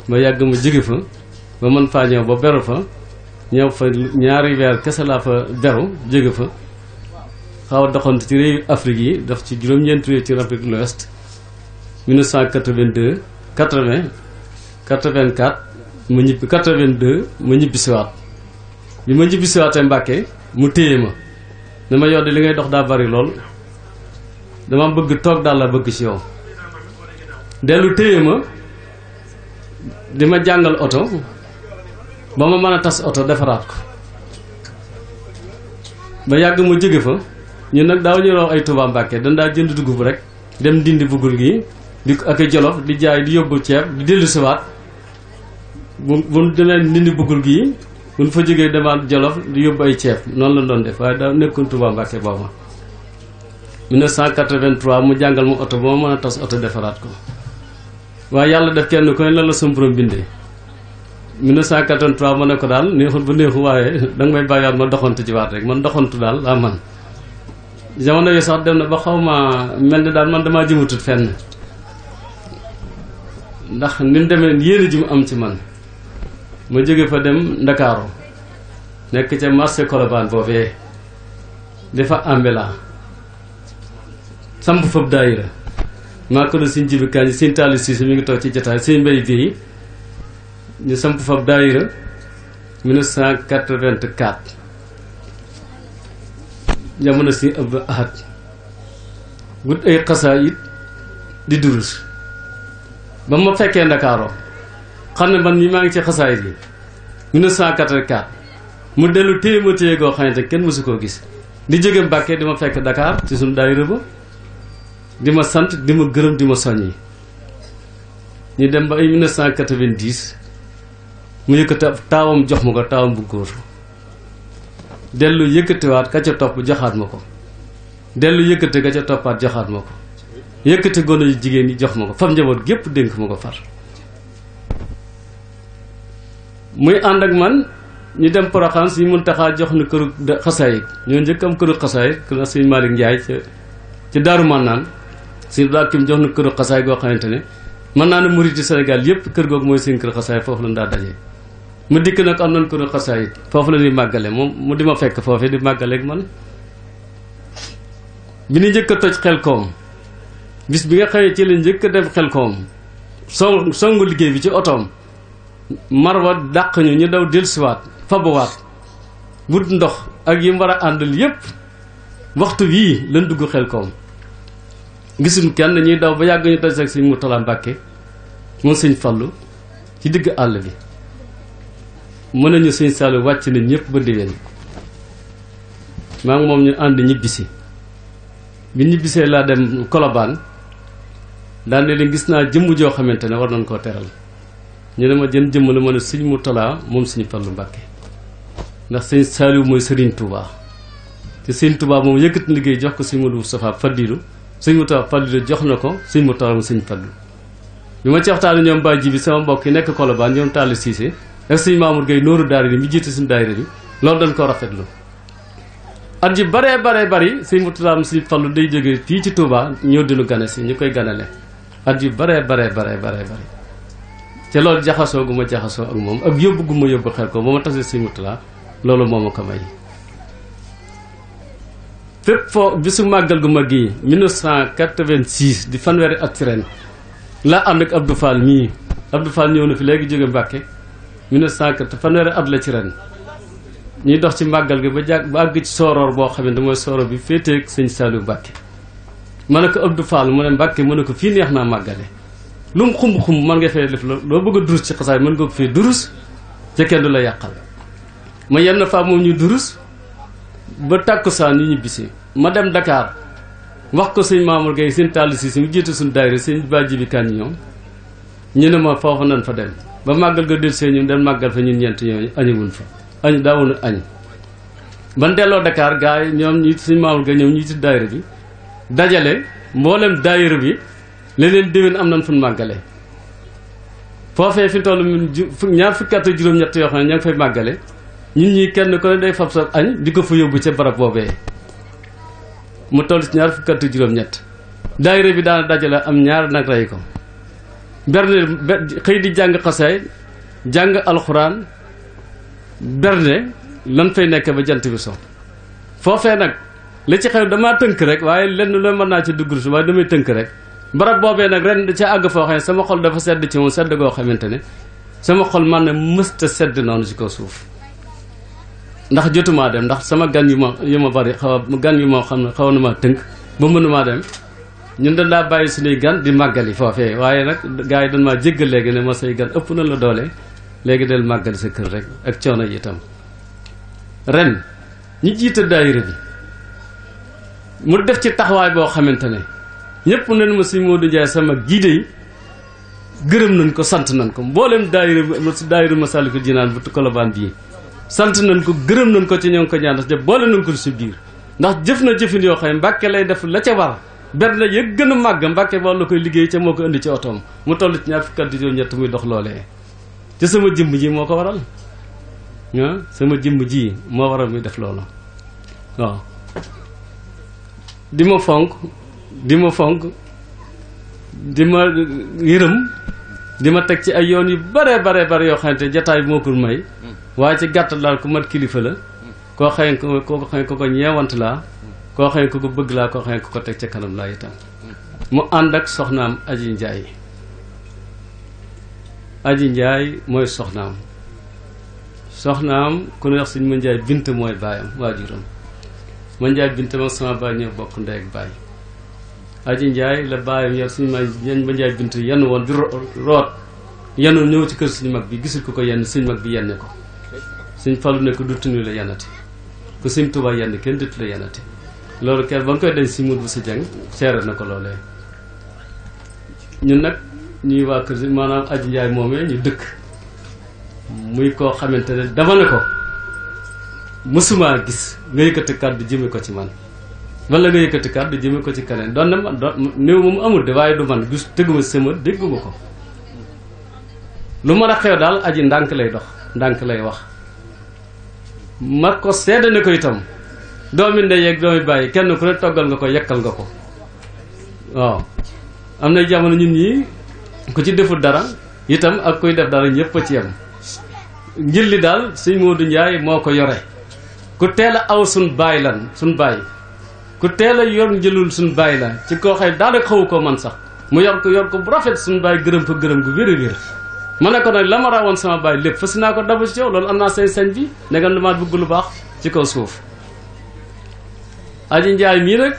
ma yàgg ma jigi fa ba mën faa ñëw ba beru fa ñëw fa ñaari weer kese laa fa beru jigi fa xaw a ci réew Afrique yi dox ci juróom-ñeenti réew ci Afrique de l'Ouest 1982 80 84 ma ñibbi 82 ma ñibbi siwaat bi ma ñibbi siwaatee Mbàkke mu téye ma ne ma yow de li ngay dox daa bari lool dama bëgg toog daal la bëgg ci yow dellu téye ma di ma jàngal oto ba ma mën a tas oto defaraat ko ba yàgg ma jóge fa ñun nag daaw ñu raw ay Touba Mbàkke dañ daa jënd dugub rek dem dindi bugul gi di ak jolof di jaay di yóbbu ceeb di dellu siwaat bu bu demee dindi bugul gi buñ fa jógee demaat jolof di yóbbu ay ceeb noonu la doon def waaye daa nekkoon Touba Mbàkke boobu 1983 mu jàngal ma oto boo mën a tas oto defaraat ko waaye yàlla def kenn ku ne lan la sunu borom bindee 1983 ma ne ko daal neexul ba neexu waaye [LAUGHS] danga may bàyyiwaat ma doxantu ci waat rek man doxantu daal laa man jamono yi sax dem na ba xaw ma mel ni daal man damaa jëmatut fenn ndax ni mu demee yéene di mu am ci man ma jóge fa dem ndakaaru nekk ca marché Colobane boobee dafa ambulant samp fab daayira maa ko doon sëñ Jibi Kaañ sëñ Taalu Siise mi ngi toog ci jataay sëñ Mbay Géey ñu samp fab daayira 1984 jamono si Abdu Ahad gut ay xasaayit di durus ba ma fekkee Ndakaaroo xam ne man mii maa ngi ci xasaayit yi 1984 mu dellu téye ma téye goo xamante kenn mësu koo gis di jóge Mbàkke di ma fekk ndakaar ci suñu daayira ba di ma sant di ma gërëm di ma soññi ñu dem ba ay 1990 mu yëkkati ab taawam jox ma ko taawam bu góor dellu yëkkatiwaat ka ca topp joxaat ma ko dellu yëkkati ka ca toppaat joxaat ma ko yëkkati gono yu jigéen yi jox ma ko fam njaboot gépp dénk ma ko far muy ànd ak man ñu dem Porokhane suñu mun taxaa jox na këru xasaayit ñoo njëkk am këru xasaayit kër na suñu Malick Ndiaye ca Daaru Mannaan sëñ Abdou Hakim jox na këru xasaay goo xamante ne mën naa ne murit yi Sénégal yëpp kër googu mooy seen kër xasaay foofu lañ daa dajee mu dikk nag am nañ këru xasaay foofu la ñuy màggale moom mu di ma fekk foofee di màggale ak man bi ñu njëkk a toj xel koom bis bi nga xamee ci la njëkk a dem xel koom song songu liggéey bi ci otoom marwa dàq ñu ñu daw dellusiwaat fabuwaat wut ndox ak yi mu war waxtu wii lañ dugg xel koom gisuñ kenn ñuy daw ba yàgg ñu daj ak sëñ Mourtala Mbàkke moom sëñ Fallu ci digg àll bi mën nañu sëñ Saalu wàcc na ñëpp di déwén maa ngi moom ñu ànd ñibbisi bi ñibbisee laa dem Kolobaan daal ne gis naa jëmm joo xamante ne war nañ koo teral ñu ne ma jën jëmm la ma ne sëñ Mourtala moom sëñ Fallu Mbàkke ndax sëñ Saalu mooy sëriñ Touba te sëñ Touba moom yëkkati liggéey jox ko sëñ Modou Moustapha Fadilu sëñ mu tax fàllu jox na ko sëñ mu taxam sëñ fàllu bi ma ci waxtaane ñoom bàyyi ji bi sama mbokk yi nekk Colobane ñoom Talla Cissé ak sëñ Mamour Gueye nooru daara yi mi jiite suñu daayira bi loolu dañ ko rafetlu at yu baree bare bari sëñ mu taxam sëñ fàllu day jógee fii ci Touba ñëw di nu gane si ñu koy ganale at yu baree baree baree baree loolu jaxasoo gu ma jaxasoo ak moom ak yóbbu gu ma yóbbu xel ko ba ma tasee sëñ mu taxam loolu moo ma ko may fépp foo bisu màggal gu mag yi 1986 di fanweeri at si ren laa ànd ak Abdou Fall mii Abdou Fall ñëw na fi léegi jóge Mbàkke 1980 fanweeri at la ci ren ñuy dox ci màggal gi ba jàg ba àgg ci sooroor boo xamante mooy sooroor bi féeteeg sëñ Saliou Mbàkke ma ne ko Abdou Fall mu ne Mbàkke mu ne ko fii neex naa màggale lu mu xumb-xumb mën nga fee def loo bëgg a durus ci xasaay mën nga ko fee durus ca kenn du la yàqal ma yenn faa moom ba tàkkusaan ñu ñibbisi ma dem dakaar wax ko sëñ Mamour Gueye seen tàll si si mu jiite suñu daayira sëñ bàjji bi kan ñoom ñu ne ma foofu nan fa dem ba màggal ga del see ñun dem màggal fa ñun ñeent ñooñu añuwuñ fa añ daawuñu añ ban delloo Dakar gars yi ñoom ñi sëñ Mamour Gueye ñoom ci daayira bi dajale mboolem daayira bi leneen déwén am nañ fu màggale foofee fi toll ñaar fukki at ak juróom-ñett yoo xam ne ña fay màggale ñu ñii kenn ko ne day fab sa añ di ko fa yóbbu ca barab boobee mu toll ci ñaar fukki juróom-ñett daayira bi daana dajale am ñaar nag rey ko berne xëy di jàng xasaay jàng alxuraan berne lan fay nekk ba jant bi so foofee nag li ci xew damaa tënk rek waaye lenn la mën naa ci dugg su waaye damay tënk rek barab boobee nag ren da ca àgg foo xam sama xol dafa sedd ci moom sedd goo xamante ne sama xol man na mësta sedd noonu ci kaw suuf ndax jotumaa dem ndax sama gan yu ma yu ma bari xaw gan yu moo xam ne xaw na maa tënk ba mënumaa dem ñun dañ daa bàyyi suñuy gan di màggali foofee waaye nag gaa yi dañ maa jéggal léegi ne ma say gan ëpp na la doole léegi del màggali sa kër rek ak coono yi itam ren ñu jiite daayira bi mu def ci taxawaay boo xamante ne ñëpp nen ma si Modou Ndiaye sama giide yi gërëm nañ ko sant nañ ko mboolem daayira daayira Masaalikul Jinaan bu Colobane bii sant nañ ko gërëm nañ ko ci ñoo ngi ko ñaan ndax boole nañ ko si biir ndax jëf na jëfin yoo xam ne mbàkke lay def la ca war benn yëg gën a màgg mbàkke ba la koy liggéey ca moo ko indi ci otoom mu toll ci ñaar fukki at yoo ñett muy dox loolee ci sama jëmm ji moo ko waral ah sama jëmm ji moo waral muy def loolu waaw di ma fonk di ma fonk di ma yërëm di ma teg ci ay yoon yu bare bare bare yoo xamante jataay bi moo ko may waaye ci gàttal daal ku mat kilifa la koo xëy ko koo xëy ko ko ñeewant laa koo xëy ko ko bëgg laa koo xëy ko ko teg ca kanam laa itam mu ànd ak soxnaam aji njaay aji njaay mooy soxnaam soxnaam ku ne wax suñ ma njaay bint mooy baayam waajuram ma njaay bint ma sama baay ñoo bokk ndey ak baay aji njaay la baayam yar suñu ma ma njaay bint yenn woon di root yenu ñëw ci kër suñu mag bi gisul ko ko yenn suñu mag bi yenn ko sëñ Fallou ne ko duttuñu la yanati ku sëñ Touba yenn kenn duttu la yanati loolu kenn ba nga koy denc si mut bu sa jàng seere na ko loolee ñun nag ñuy waa kër si maanaam aji njaay moomee ñu dëkk muy koo xamante ne dama ne ko mësumaa gis nga yëkkati kàddu jëme ko ci man wala nga yëkkati kàddu jëme ko ci keneen doon na man doon néew moom amul de waaye du man gis tëgguma sama dégguma ko lu mën a xew daal aji ndànk lay dox ndànk lay wax mag ko seede ne ko itam doomi ndey ak doomi bàyyi kenn ku ne toggal nga ko yekkal nga ko waaw am na jamono ñun ñi ku ci deful dara itam ak kuy def dara ñëpp a ci yem ngir li daal sëñ du Ndiaye moo ko yore ku teel a aw suñ baay la suñ baay ku teel yor njëlul suñ baay la ci koo xëy daanaka xawu ko man sax mu yor ko yor ko bu rafet suñ baay gërëm ko gërëm gu wér-wér mu ne ko nag la ma rawoon sama baay lépp fas naa ko dabu ci yow loolu am naa sañ-sañ bi ndegam damaa bëgg lu baax ci kaw suuf aji njaay mii nag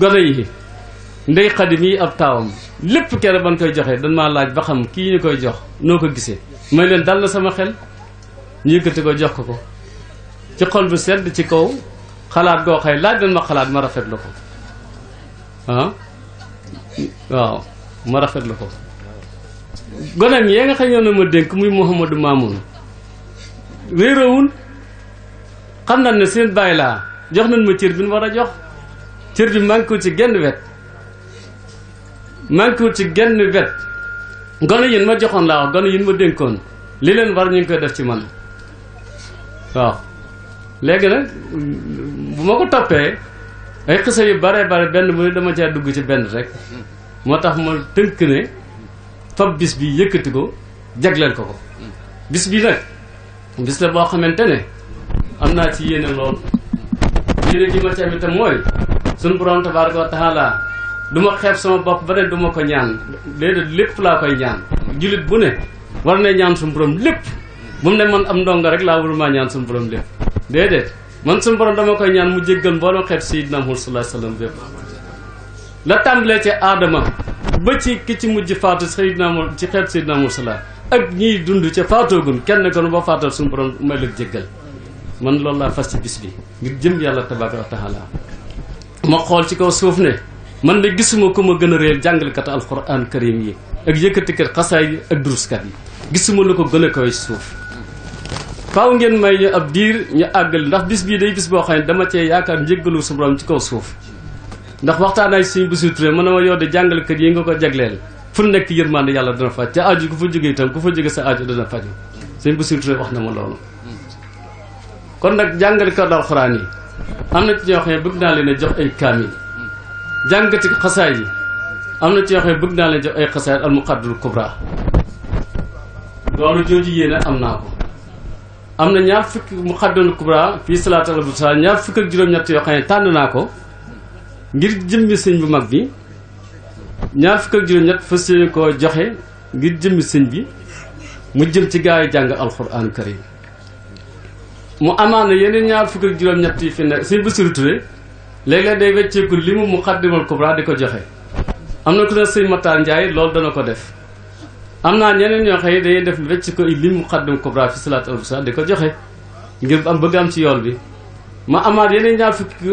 gone yi ndey xadi mii ab taawam lépp kere ban koy joxe dan ma laaj ba xam kii ñu koy jox noo ko gisee may leen dal na sama xel ñu yëkkati ko jox ko ko ci xol bu sedd ci kaw xalaat goo xëy laaj dan ma xalaat ma rafet la ko ah waaw ma rafetlu ko goneem yee nga xañoon na ma dénk muy Mouhamadou Mamoun réerawul xam na ne seen bàyyi laa jox na ma cër bi ñu war a jox cër bi manqué ci genn wet manqué ci genn wet gone yin ma joxoon laa wax gone yin ma dénkoon li leen war ñu ngi koy def ci man waaw léegi nag bu ma ko toppee ay xisa yu bare bare benn bu ne dama caa dugg ci benn rek moo tax ma tënk ne fab bis bi yëkkati ko jagleen ko ko bis bi nag bis la boo xamante ne am naa ci yéene lool yéene gi ma ci am itam mooy suñu borom tabaaraka wa taala du ma xeeb sama bopp ba ne du ko ñaan déedéet lépp laa koy ñaan jullit bu ne war na ñaan suñu borom lépp bu mu ne man am ndongo rek laa wul maa ñaan suñu borom lépp déedéet man suñu borom dama koy ñaan mu jéggal mbooloo xeet sayyidina Muhammad sallallahu alayhi wa sallam la tàmbalee ci aadama ba ci ki ci mujj faatu Seydina Mou ci xeet la ak ñiy dund ca faatoogun kenn ko nu ba faatal suñu borom may la jéggal man loolu laa fas ci bis bi ngir jëm yàlla tabaaraka wa taala ma xool ci kaw suuf ne man de gisuma ku ma gën a réer jàngalkat alquran karim yi ak yëkkatikat xasaay yi ak duruskat yi gisuma lu ko gën a suuf faaw ngeen may ñu ab diir ñu àggal ndax bis bii day bis boo xam ne dama cee yaakaar njëggalu su borom ci kaw suuf ndax waxtaan ak suñu Bassirou Touré mën na ma yow de jàngalekat yi nga ko jagleel fu nekk yërmande yàlla dana faj te aju ku fa jógee itam ku fa jóge sa aju dana faju suñu Bassirou wax na ma loolu kon nag jàngalekat alxuraan yi am na ci ñoo xam ne bëgg naa leen jox ay kaamil jàngati xasaay yi am na ci ñoo xam ne bëgg naa leen jox ay xasaay al muqaddul kubra loolu jooju yéene am naa ko am na ñaar fukk muqaddul kubra fii salaatal bu ñaar fukk ak juróom-ñett yoo xam tànn naa ko ngir jëmmi sëñ bu mag bi ñaar fukk ak juróom-ñett fas yéene koo joxe ngir jëmmi sëñ bi mu jëm ci gaa yi jàng alxuraan karim mu amaana yeneen ñaar fukk ak juróom-ñett yi fi nekk sëñ Bassirou Touré léeg-léeg day wecceeku li mu xaddimal kubra di ko joxe am na ku ne sëñ Matar njaay loolu dana ko def am naa ñeneen ñoo yi dañuy def wecc ko limu mu xaddim kubra fi salaat al di ko joxe ngir am bëgg ci yool bi ma amaat yeneen ñaar fukki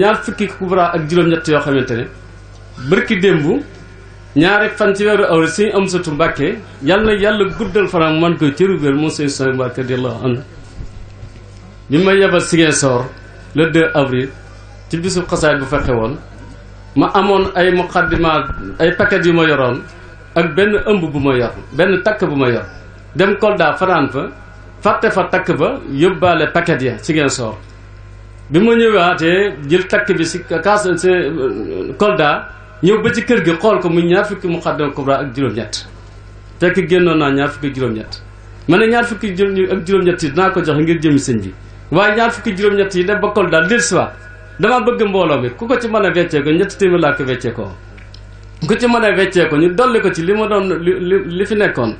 ñaar fukki kubra ak juróom-ñett yoo xamante ne bërki démb ñaar fan ci weeru awra sëñ Amsatu Mbàkke yàlla na yàlla guddal fanam man koy cëru béer moom sëñ Sooy Mbàkke radiyallaahu anhu bi ma yebal Ziguinchor le 2 avril ci bisu xasaay bu fexe woon ma amoon ay muqaddimaat ay paquet yu ma yoroon ak benn ëmb bu ma yor benn takk bu ma yor dem Kolda fanaan fa fàtte fa takk ba yóbbaale paquet ya Ziguinchor bi ma ñëwaatee jël takk bi si kaas euh, Kolda ñëw ba ci kër gi xool ko mu ñaar fukki muqaddam kubra ak juróom-ñett fekk génnoon naa ñaar fukki juróom-ñett ma ne ñaar fukki juróom ak juróom dinaa ko joxe ngir jëmi seen bi waaye ñaar fukki juróom-ñett yi dem ba Kolda dellusiwaat damaa bëgg mbooloo mi ku ko ci mën a weccee ko ñetti téeméer laa ko weccee ko ku ci mën a weccee ko ñu dolli ko ci li ma doon li li fi nekkoon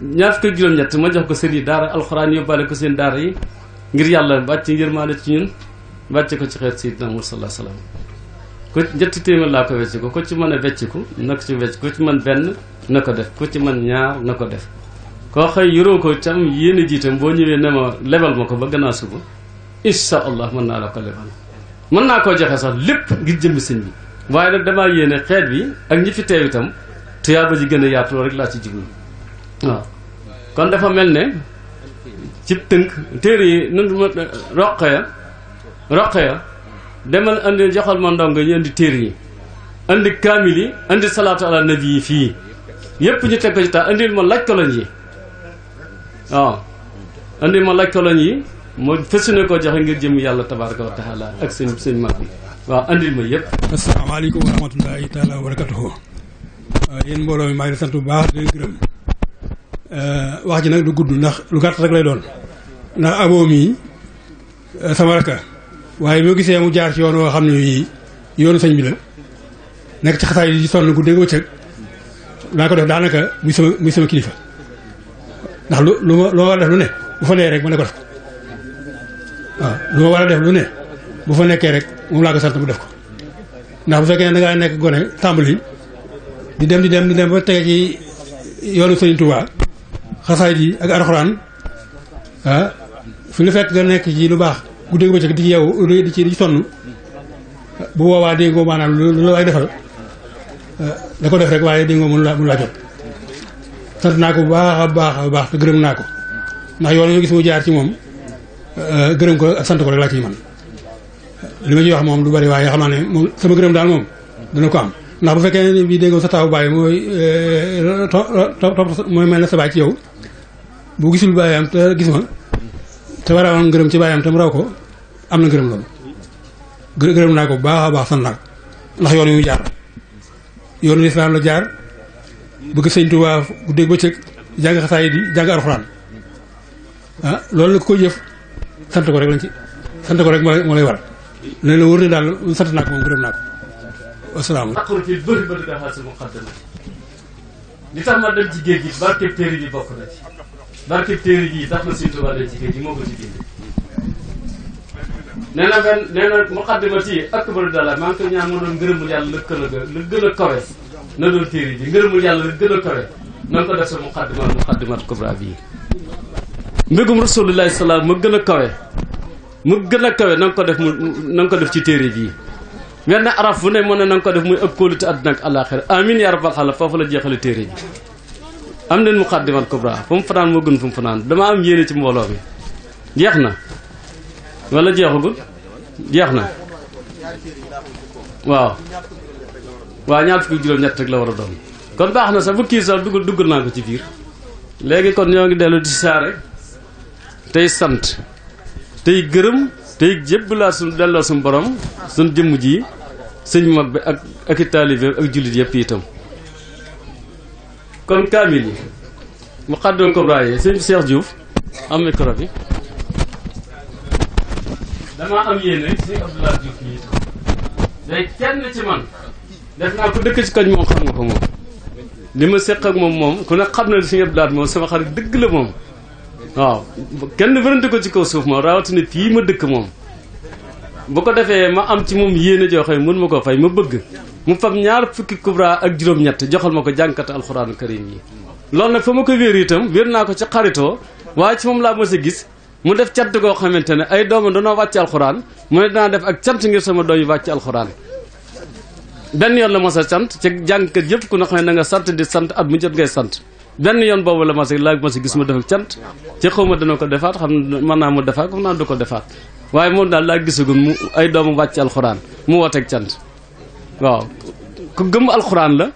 ñaar fukki juróom-ñett ma jox ko seen i daara alxuraan yóbbaale ko seen daara yi ngir yàlla wàcce yërmaande ci ñun wàcce ko ci xeet Seydina Muhammad sa la wasallam ku ñetti téeméer laa ko ko ku ci mën a wecciku na ko ci wecc ku ci man benn na ko def ko ci man ñaar na ko def koo xëy yoroo ko ci am yéene jiitam boo ñëwee ne ma lebal ma ko ba gannaaw suba insha allah mën naa la ko lebal mën naa koo joxe sax lépp ngir jëmm sëñ bi waaye nag damaa yéene xeet bi ak ñi fi teew itam tuyaaba ji gën a yaatu rek laa ci jiglu waaw kon dafa ci tënk téere yi nun ma roqe ya roqe ya demal indi joxal ma ndongo ñu indi téere yi indi kaamil yi indi salaatu nabi yi fii yépp ñu teg ko ci taal indil ma laaj koloñ yi waaw indi ma laaj koloñ yi moo fësune koo joxe ngir jëm yàlla tabaraka wa taala ak seen seen mag bi waaw ma yépp asalaamaaleykum wa rahmatullahi taala wa barakatuhu yéen mbooloo mi maa ngi sant bu baax di leen gërëm Euh, wax ji nag du gudd ndax lu gàtt rek lay doon ndax aboo mii sama euh, rakka waaye boo gisee mu jaar ci yoon woo xam ne yii yoonu sëñ bi la nekk ci xasaay yi sonn guddeeg wëccëg daa ko def daanaka muy sama muy ndax lu lu ma def ne bu fa nee rek ma ne ko war a def lu ne bu fa nekkee rek moom laa ko sant mu def ko ndax bu fekkee ne da nekk gone tàmbali di dem di dem di dem ba tege ci yoonu sëñ Touba xasaayit yi ak alxuraan ah fu lu fekk nga nekk ci lu baax guddeeg bëccëg di ci yeewu di ci di ci sonn bu boobaa déggoo maanaam lu la waay defal da ko def rek waaye déggoo mënu laa mënu laa jot sant ko bu baax a baax a baax te gërëm naa ko ndax yoon yoo gis mu jaar ci moom gërëm ko sant ko rek laa ciy man li ma ci wax moom du bari waaye xam naa ne moom sama gërëm daal moom dana ko am ndax bu fekkee ne bii déggoo sa taa taaw bàyyi mooy eh, topp mooy mel na sa baay ci yow boo gisul bàyyam te gis ma te war a am ngërëm ci bàyyam tam raw ko am na ngërëm loolu gërëm naa ko bu baax a baax san naa ko ndax yoon yu mu jaar yoonu lislaam la jaar bëgg sëñ Tuubaa guddeeg bëccëg jàng xasaay di jàng alxuraan ah, loolu la ko koy jëf sant ko rek lañ ci sant ko rek moo lay war léegi la wóor ne daal sant naa ko moom naa ko asalaamaaleykum. ak bëri ci géej gi barke barkeb téere jii tax na Sëriñ Tuubaa ci kër gi moo ko ci bind nee na benn nee na muqaddima ci akbaru dala maa ngi koy ñaan mu doon ngërëmul yàlla la gën a la gën a kawe na doon téere ji ngërëmul yàlla la gën a kawe na ko def sa muqaddima muqaddimat kubra bii mbégum rasulullahi salaam ma gën a kawe mu gën a kawe na nga ko def mu na nga ko def ci téere bii wenn araf bu ne mu ne na nga ko def muy ëpp kóolute àdduna ak àllaaxira amin yaa rabbal xala foofu la jeexale téere bi am mu leen muqaddimal kubra fu mu fanaan moo gën fu mu fanaan dama am yéene ci mbooloo mi jeex na wala jeexagul jeex na waaw waaw ñaar fukki juróom-ñett rek la war a doon kon baax na sax bu kii sax dugg duggal naa ko ci biir léegi kon ñoo ngi delloo di saare tey sant tey gërëm tey jébbalaat suñu delloo suñu borom suñu jëmm ji sëñ mag bi ak ak i taalibe ak jullit yëpp itam kon kaamil yi mu xàddoon Kubra yi sëñ Cheikh Diouf am micro bi damaa am yéene sëñ Abdoulaye Diouf mii day kenn ci man def naa ko dëkk ci koñ moom xam nga ko moom li ma seq ak moom moom ku ne xam na sëñ Abdoulaye moom sama xarit dëgg la moom waaw kenn wérante ko ci kaw suuf moom rawatina fii ma dëkk moom bu ko defee ma am ci moom yéene joo xam ne mën ma koo fay ma bëgg mu fab ñaar fukki kubra ak juróom-ñett joxal ma ko jànkata alxuraanu karim yi loolu nag fa ma ko wéer itam wéer naa ko ci xaritoo waaye ci moom laa mos a gis mu def cant goo xamante ne ay doomam danoo wàcc alxuraan mu ne def ak cant ngir sama doom wàcc alxuraan benn yoon la mos a sant ci jànkat yëpp ku ne xam ne sant di sant at mu jot ngay sant benn yoon boobu la mos a laa mos a gis mu def cant ci xaw ma dana ko defaat xam ne mën naa mu defaat mën naa du ko defaat waaye moom daal laa gisagul mu ay doomam wàcc alxuraan mu wooteeg cant waaw ku gëm alxuraan la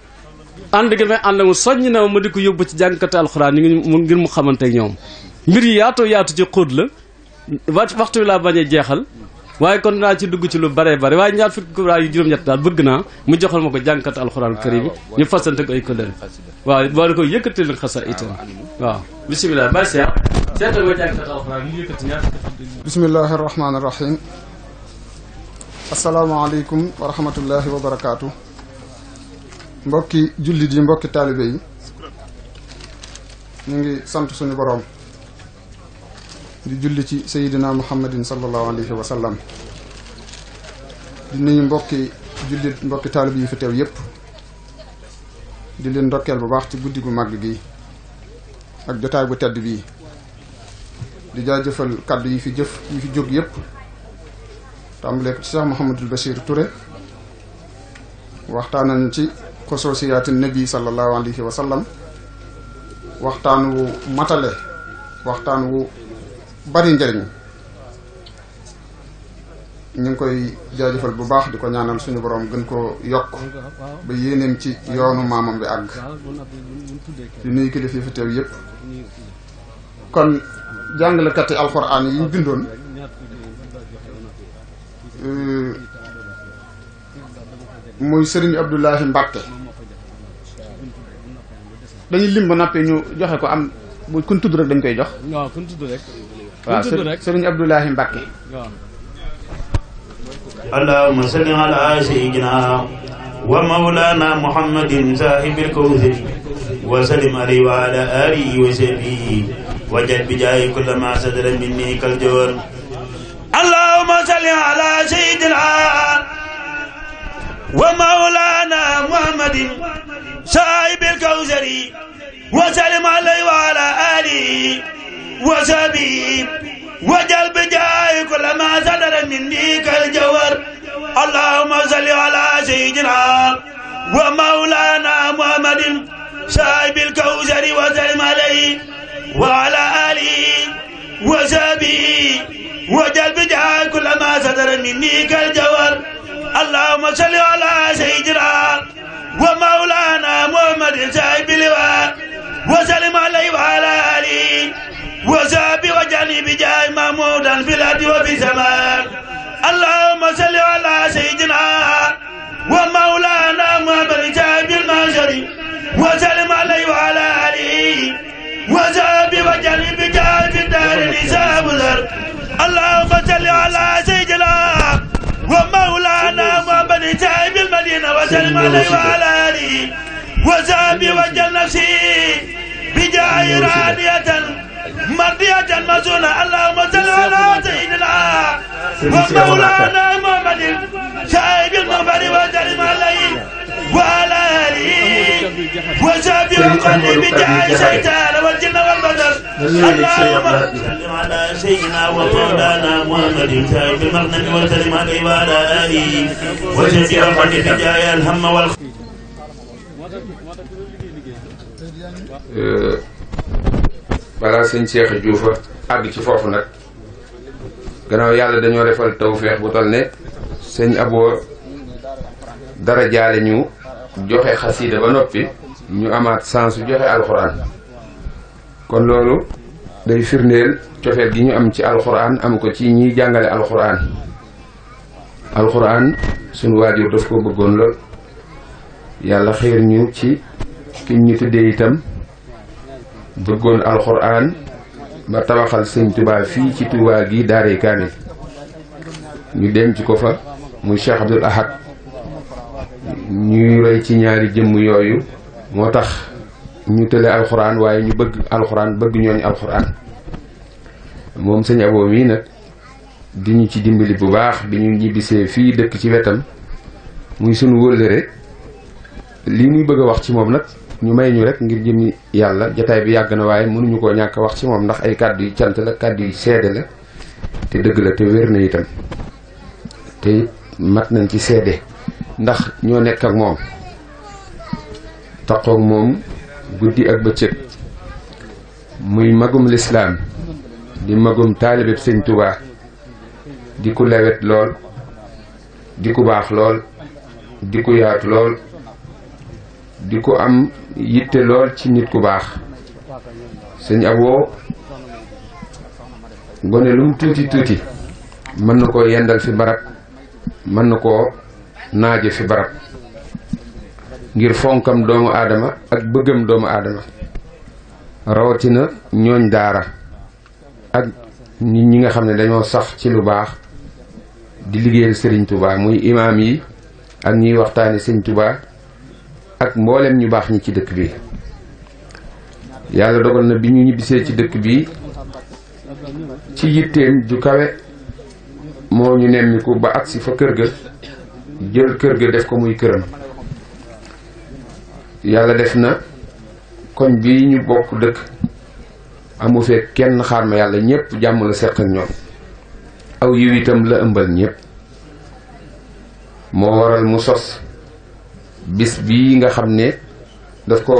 ànd gi may ànd mu soññ na ma di ko yóbbu ci jàngkati alxuraan yi ngir mu xamante ak ñoom mbir yi yaatoo yaatu ci xóot la waxtu wi laa bañ jeexal waaye kon naa ci dugg ci lu bare bare waaye ñaar fukki kubra yu juróom-ñett daal bëgg naa mu joxal ma ko jàngkati alxuraan karim ñu fasante ko ay këlëri waaw boo ko yëkkati leen xasa itam waaw bisimilah bàyyi seet seetal ma alxuraan ñu yëkkati asalaamaaleykum wa rahmatullahi wa barakaatu mbokki jullit yi mbokki taalibe yi ñu ngi sant suñu boroom di julli ci sayidina muhammadin sallallahu alayhi wa sallam di nuyu mbokki jullit mbokki taalibe yi fi teew yépp di leen ndokkeel bu baax ci guddi gu màgg gi ak jotaay bu tedd bii di jaajëfal kàddu yi fi jëf yi fi jóg yépp tàmbalee ko ci Cheikh Mouhamadul Bachir Touré waxtaanañ ci xososiyaati nabi sallallahu alayhi wa waxtaan wu matale waxtaan wu bari njëriñ ñu ngi koy jaajëfal bu baax di ko ñaanal suñu borom gën ko yokk ba yéeneem ci yoonu maamam bi àgg di nuyu kilifa yi fi teew yépp kon jàngalekati alxuraan yi bindoon Euh, muy sëriñ Abdoulahi Mbacke dañuy lim ba noppee ñu joxe ko am bu kun rek dañ koy jox. waaw kun tudd rek. kun tudd allahumma salli ala sayyidina wa mawlana muhammadin sahibil kawthar wa sallim wa ala wa sahbihi wa jal bi jaayi ma sadara minni kal على سيدنا ومولانا محمد صاحب الكوثر وسلم عليه وعلى آله وصحبه وجل بجاه كل ما صدر مني كالجوهر اللهم صل على سيدنا ومولانا محمد صاحب الكوثر وسلم عليه وعلى آله وسابي وجل بجعل كل ما صدر مني كالجوار اللهم صل على سيدنا ومولانا محمد صاحب اللواء وسلم عليه وعلى آله وسابي وجعلني بجاه محمودا في الأرض وفي الزمان اللهم صل على سيدنا ومولانا محمد صاحب المنصر وسلم عليه وعلى آله وزابي وجلي بجاي في دار الإسلام ذر اللهم صل على سيدنا ومولانا محمد سايب المدينة وسلم عليه وعلى آله وزابي وجل نفسي بجاي رانية مرضية مسونة اللهم صل على سيدنا ومولانا محمد سايب المغفر وسلم عليه وعلى آله وزابي وقلبي بجاي سيدنا وسلم على سيدنا ومولانا محمد àgg ci foofu nag gannaaw yàlla dañoo defal tawféex bu toll ne sëñ Abo dara jaale ñu joxe xasiida ba noppi ñu amaat sansu joxe alxuraan kon loolu day firndeel cofeel gi ñu am ci alxuraan am ko ci ñuy jàngale alxuraan alxuraan sunu waajur daf ko bëggoon lool yàlla xeer ñu ci kiñ ñu tuddee itam bëggoon alxuraan ba tabaxal sëñ Tuubaa fii ci Tuubaa gi daaray kaamil ñu denc ko fa muy Cheikh Abdul Ahad ñuy roy ci ñaari jëmm yooyu moo tax ñu tële alxuraan waaye ñu bëgg alxuraan bëgg ñooñu alxuraan moom sëñ aboo mii nag di ñu ci dimbali bu baax bi ñu ñibbisee fii dëkk ci wetam muy sunu wëllëre li muy bëgg wax ci moom nag ñu may ñu rek ngir jëmi yàlla jataay bi yàgg na waaye mënuñu koo ñàkk wax ci moom ndax ay kàddu yu cant la kàddu yu seede la te dëgg la te wér na itam te mat nañ ci seede ndax ñoo nekk ak moom taqoog moom guddi ak bëccëg muy magum lislaam di magum taalibeb sëñ Tuubaa di ku lewet lool di ku baax lool di ku yaatu lool di ku am yitte lool ci nit ku baax sëñ Abo gone lu tuuti tuuti mën na koo yendal fi barab mën na koo naaje fi barab ngir fonkam doomu aadama ak bëggam doomu aadama rawatina ñooñ daara ak nit ñi nga xam ne dañoo sax ci lu baax di liggéeyal sëriñ tubaa muy imaam yi ak ñuy waxtaane sëriñ tubaa ak mboolem ñu baax ñi ci dëkk bi yàlla dogal na bi ñu ñibbisee ci dëkk bi ci yitteem ju kawe moo ñu nemmiku ba agsi fa kër ga jël kër ga def ko muy këram yàlla def na koñ bi ñu bokk dëkk amu fee kenn xaar ma yàlla ñëpp jàmm la seq ak ñoom aw yiw la ëmbal ñëpp moo waral mu sos bis bi nga xam ne daf ko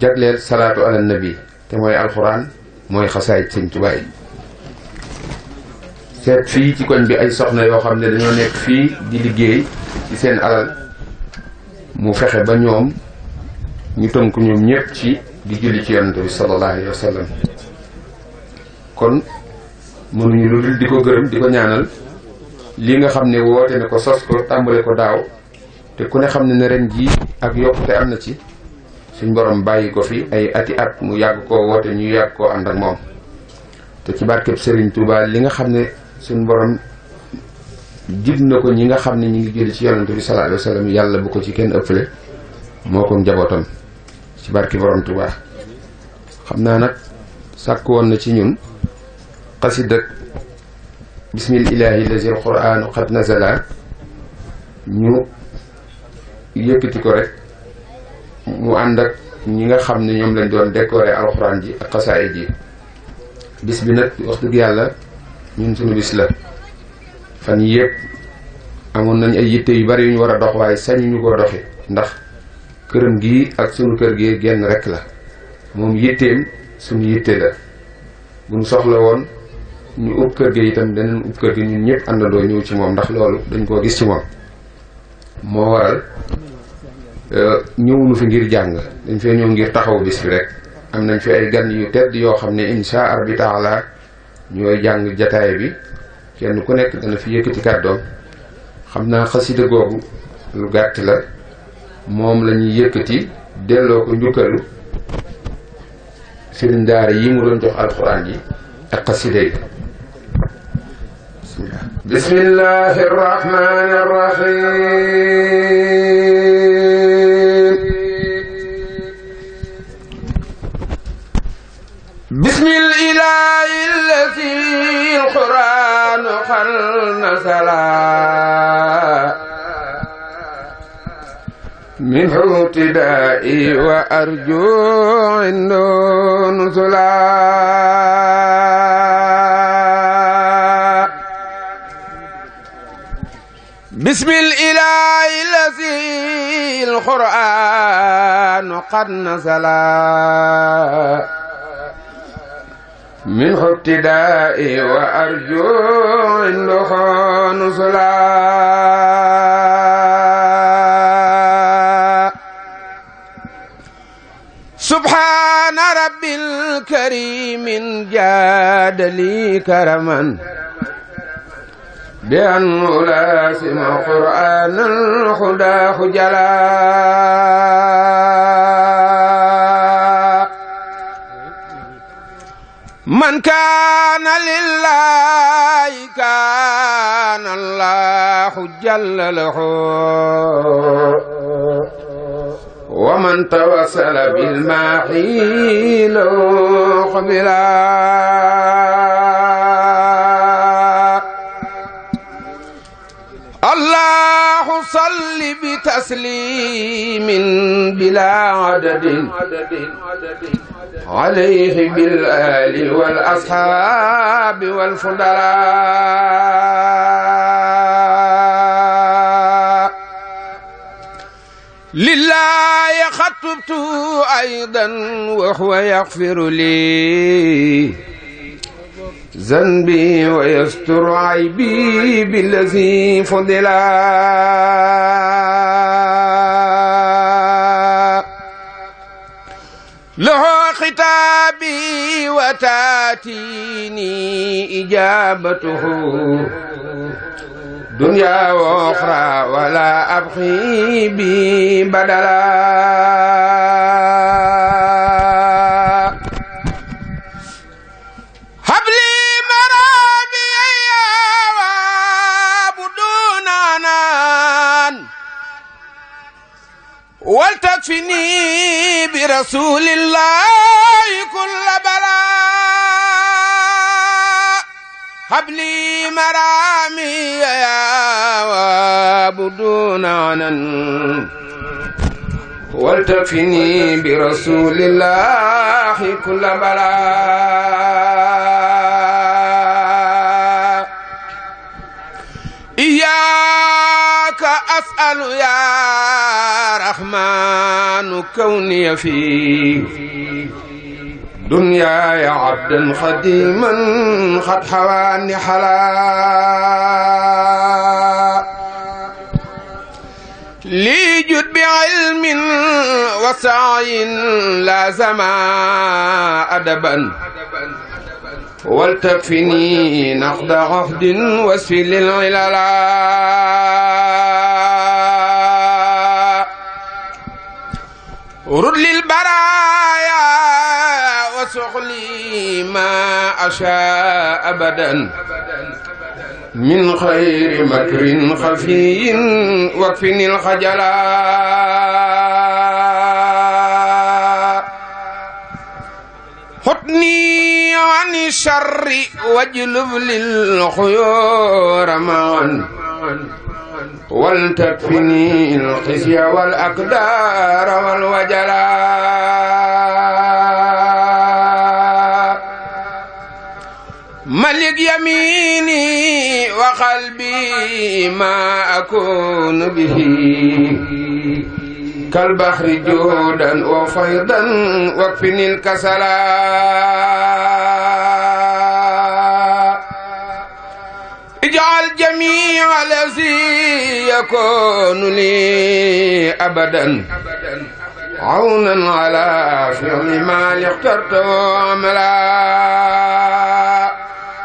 jagleel salaatu ala nabi te mooy alxuraan mooy xasaayit sëñ tubaay seet fii ci koñ bi ay soxna yoo xam ne dañoo nekk fii di liggéey ci seen alal mu fexe ba ñoom ñu tënk ñoom ñëpp ci di julli ci yonent bi sallallahu alayhi kon mënuñu lu dul di ko gërëm di ko ñaanal li nga xam ne woote ne ko sos ko tàmbale ko daaw te ku ne xam ne ne ji ak yokkute am na ci suñ borom bàyyi ko fi ay ati at mu yàgg koo woote ñu yàgg koo ànd ak moom te ci barkeb sëriñ Touba li nga xam ne suñ borom jib na ko ñi nga xam ne ñi ngi jëli ci yonent bi sallallahu alayhi yàlla bu ko ci kenn ëppale moo ko njabootam ci barki borom Tuubaa xam naa nag sàkk woon na ci ñun xasidak bismil ilaahi lazi al quraanu xad nazala ñu yëkkati ko rek mu ànd ak ñi nga xam ne ñoom lañ doon décorer alxuraan ji ak xasaayid ji bis bi nag wax dëgg yàlla ñun suñu bis la fan yii amoon nañ ay yitte yu bari yu ñu war a dox waaye sañu ñu koo doxi ndax këram gii ak sunu kër gii genn rek la moom yitteem sunu yitte la buñ soxla woon ñu ub kër gi itam daneen ub kër gi am na doo ñëw ci moom ndax loolu dañ koo gis ci moom moo waral euh, ñëwunu fi ngir jàng dañ fee ñëw ngir taxaw bis bi rek am nañ fi ay gan yu tedd yoo xam ne insha Rabbi taala ñooy jàng jataay bi kenn ku nekk dana fi yëkkati kàddoom xam naa xasida googu lu gàtt la moom lañu ñuy yëkkati delloo ko njukkalu sëriñ yi mu doon jox alxuraan yi ak xasida yi bismillahi arrahmani arrahim bismil ilahi allazi alquran xal nasala من اعتدائي وأرجو عنده نزلا بسم الإله الذي القرآن قد نزلا من ابتدائي وأرجو عنده نزلا سبحان رب الكريم جاد لي كرما بأن ألاسم قرآن الخدا خجلا من كان لله كان الله جل له ومن توسل بالماحيل قبلا الله صل بتسليم بلا عدد عليه بالآل والأصحاب والفضلاء لله خطبت أيضا وهو يغفر لي ذنبي ويستر عيبي بالذي فضل له خطابي وتاتيني إجابته دنيا وأخرى ولا أبقي بي بدلا هب لي مرامي وابدون عنان ولتكفني برسول الله كل بلاء xabli maraami waabuduna anan waltafini bi rasulillahi kulla bala iyaaka asalu ya rahmanu kawniya fi دنياي عبدا خديما قد حواني حلا لي جد بعلم وسعي لازم أدبا ولتكفني نقد عهد واسفل للعللا رد للبرايا وسخلي ما أشاء أبدا من خير مكر خفي واكفني الخجلا خطني عن الشر واجلب للخيور معا ولتكفني الخزي والأقدار والوجلاء ملك يميني وقلبي ما أكون به كالبحر جودا وفيضا واكفني الكسلا اجعل جميع الذي يكون لي أبدا عونا على فعل ما اخترته عملا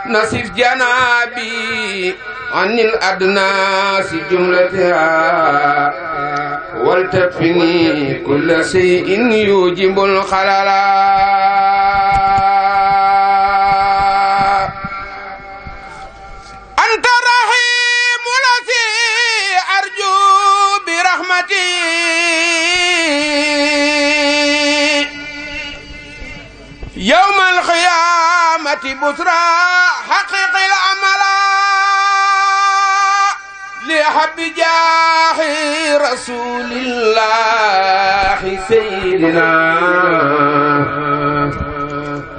نصف جنابي عن الأدناس جملتها ولتكفني كل شيء يوجب الخللا اليسرى حقق الأمل لحب جاه رسول الله سيدنا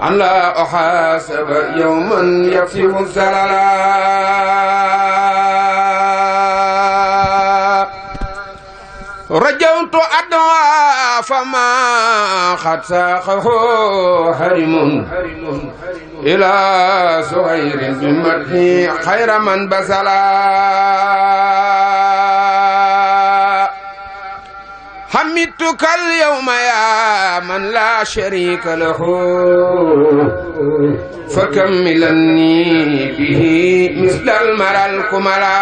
أن لا أحاسب يوما يفيه الزللا رجوت أدوى فما قد ساقه هرم إلى صغير من مرحي خير من بسلا حمدتك اليوم يا من لا شريك له فكملني به مثل المرى الكملا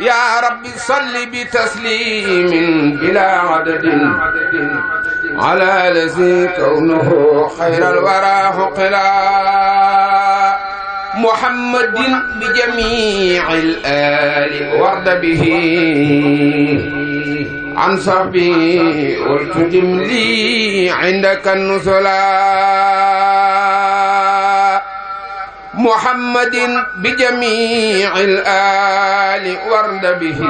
يا رب صل بتسليم بلا عدد على الذي كونه خير الورى حقلا محمد بجميع الآل وارد به عن صحبي والتجم لي عندك النزلا محمد بجميع الآل وارد به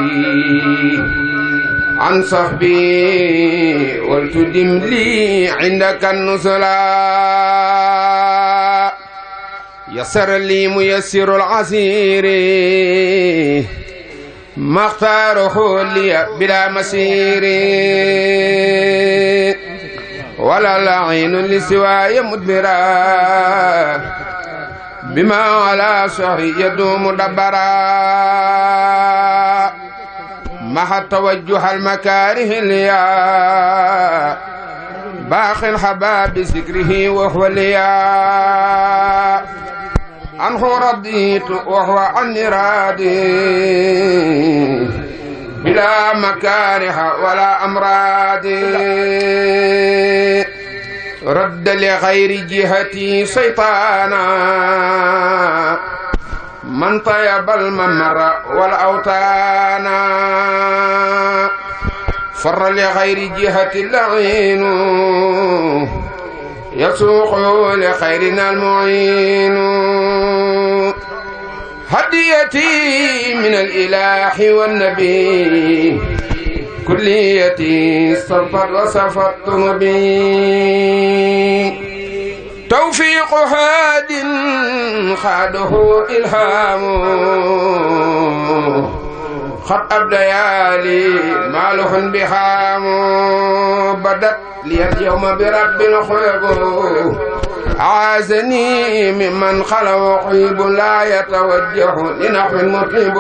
عن صحبي ولتدم لي عندك النزلاء يسر لي ميسر العسير ما اختاره لي بلا مسير ولا لعين لسواي مدبرا بما على شهي يدوم دبرا maxa tawajjuhal makaarihi liyaa baaxil xabaabi zikrihi waxwa liyaa anhu raditu waxwa an iraadi bila makaariha wala amraadi radda li xayri jihati saytaana من طيب الممر والأوتان فر لغير جهة اللعين يسوق لخيرنا المعين هديتي من الإله والنبي كليتي صفت وصفت بي توفيق هاد خاده إلهام خط أبديالي مالح بهام بدت لي اليوم برب خيب عازني ممن خلو عيب لا يتوجه لنحو مطلب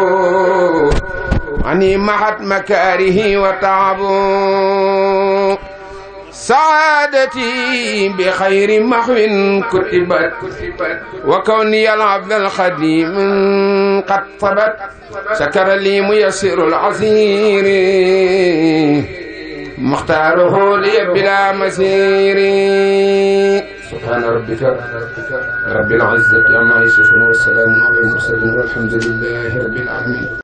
عني محت مكاره وتعب سعادتي بخير محو كتبت وكوني العبد الخديم قد طبت شكر لي ميسر العسير مختاره لي بلا مسير سبحان ربك رب العزة عما يصفون والسلام على المرسلين والحمد لله رب العالمين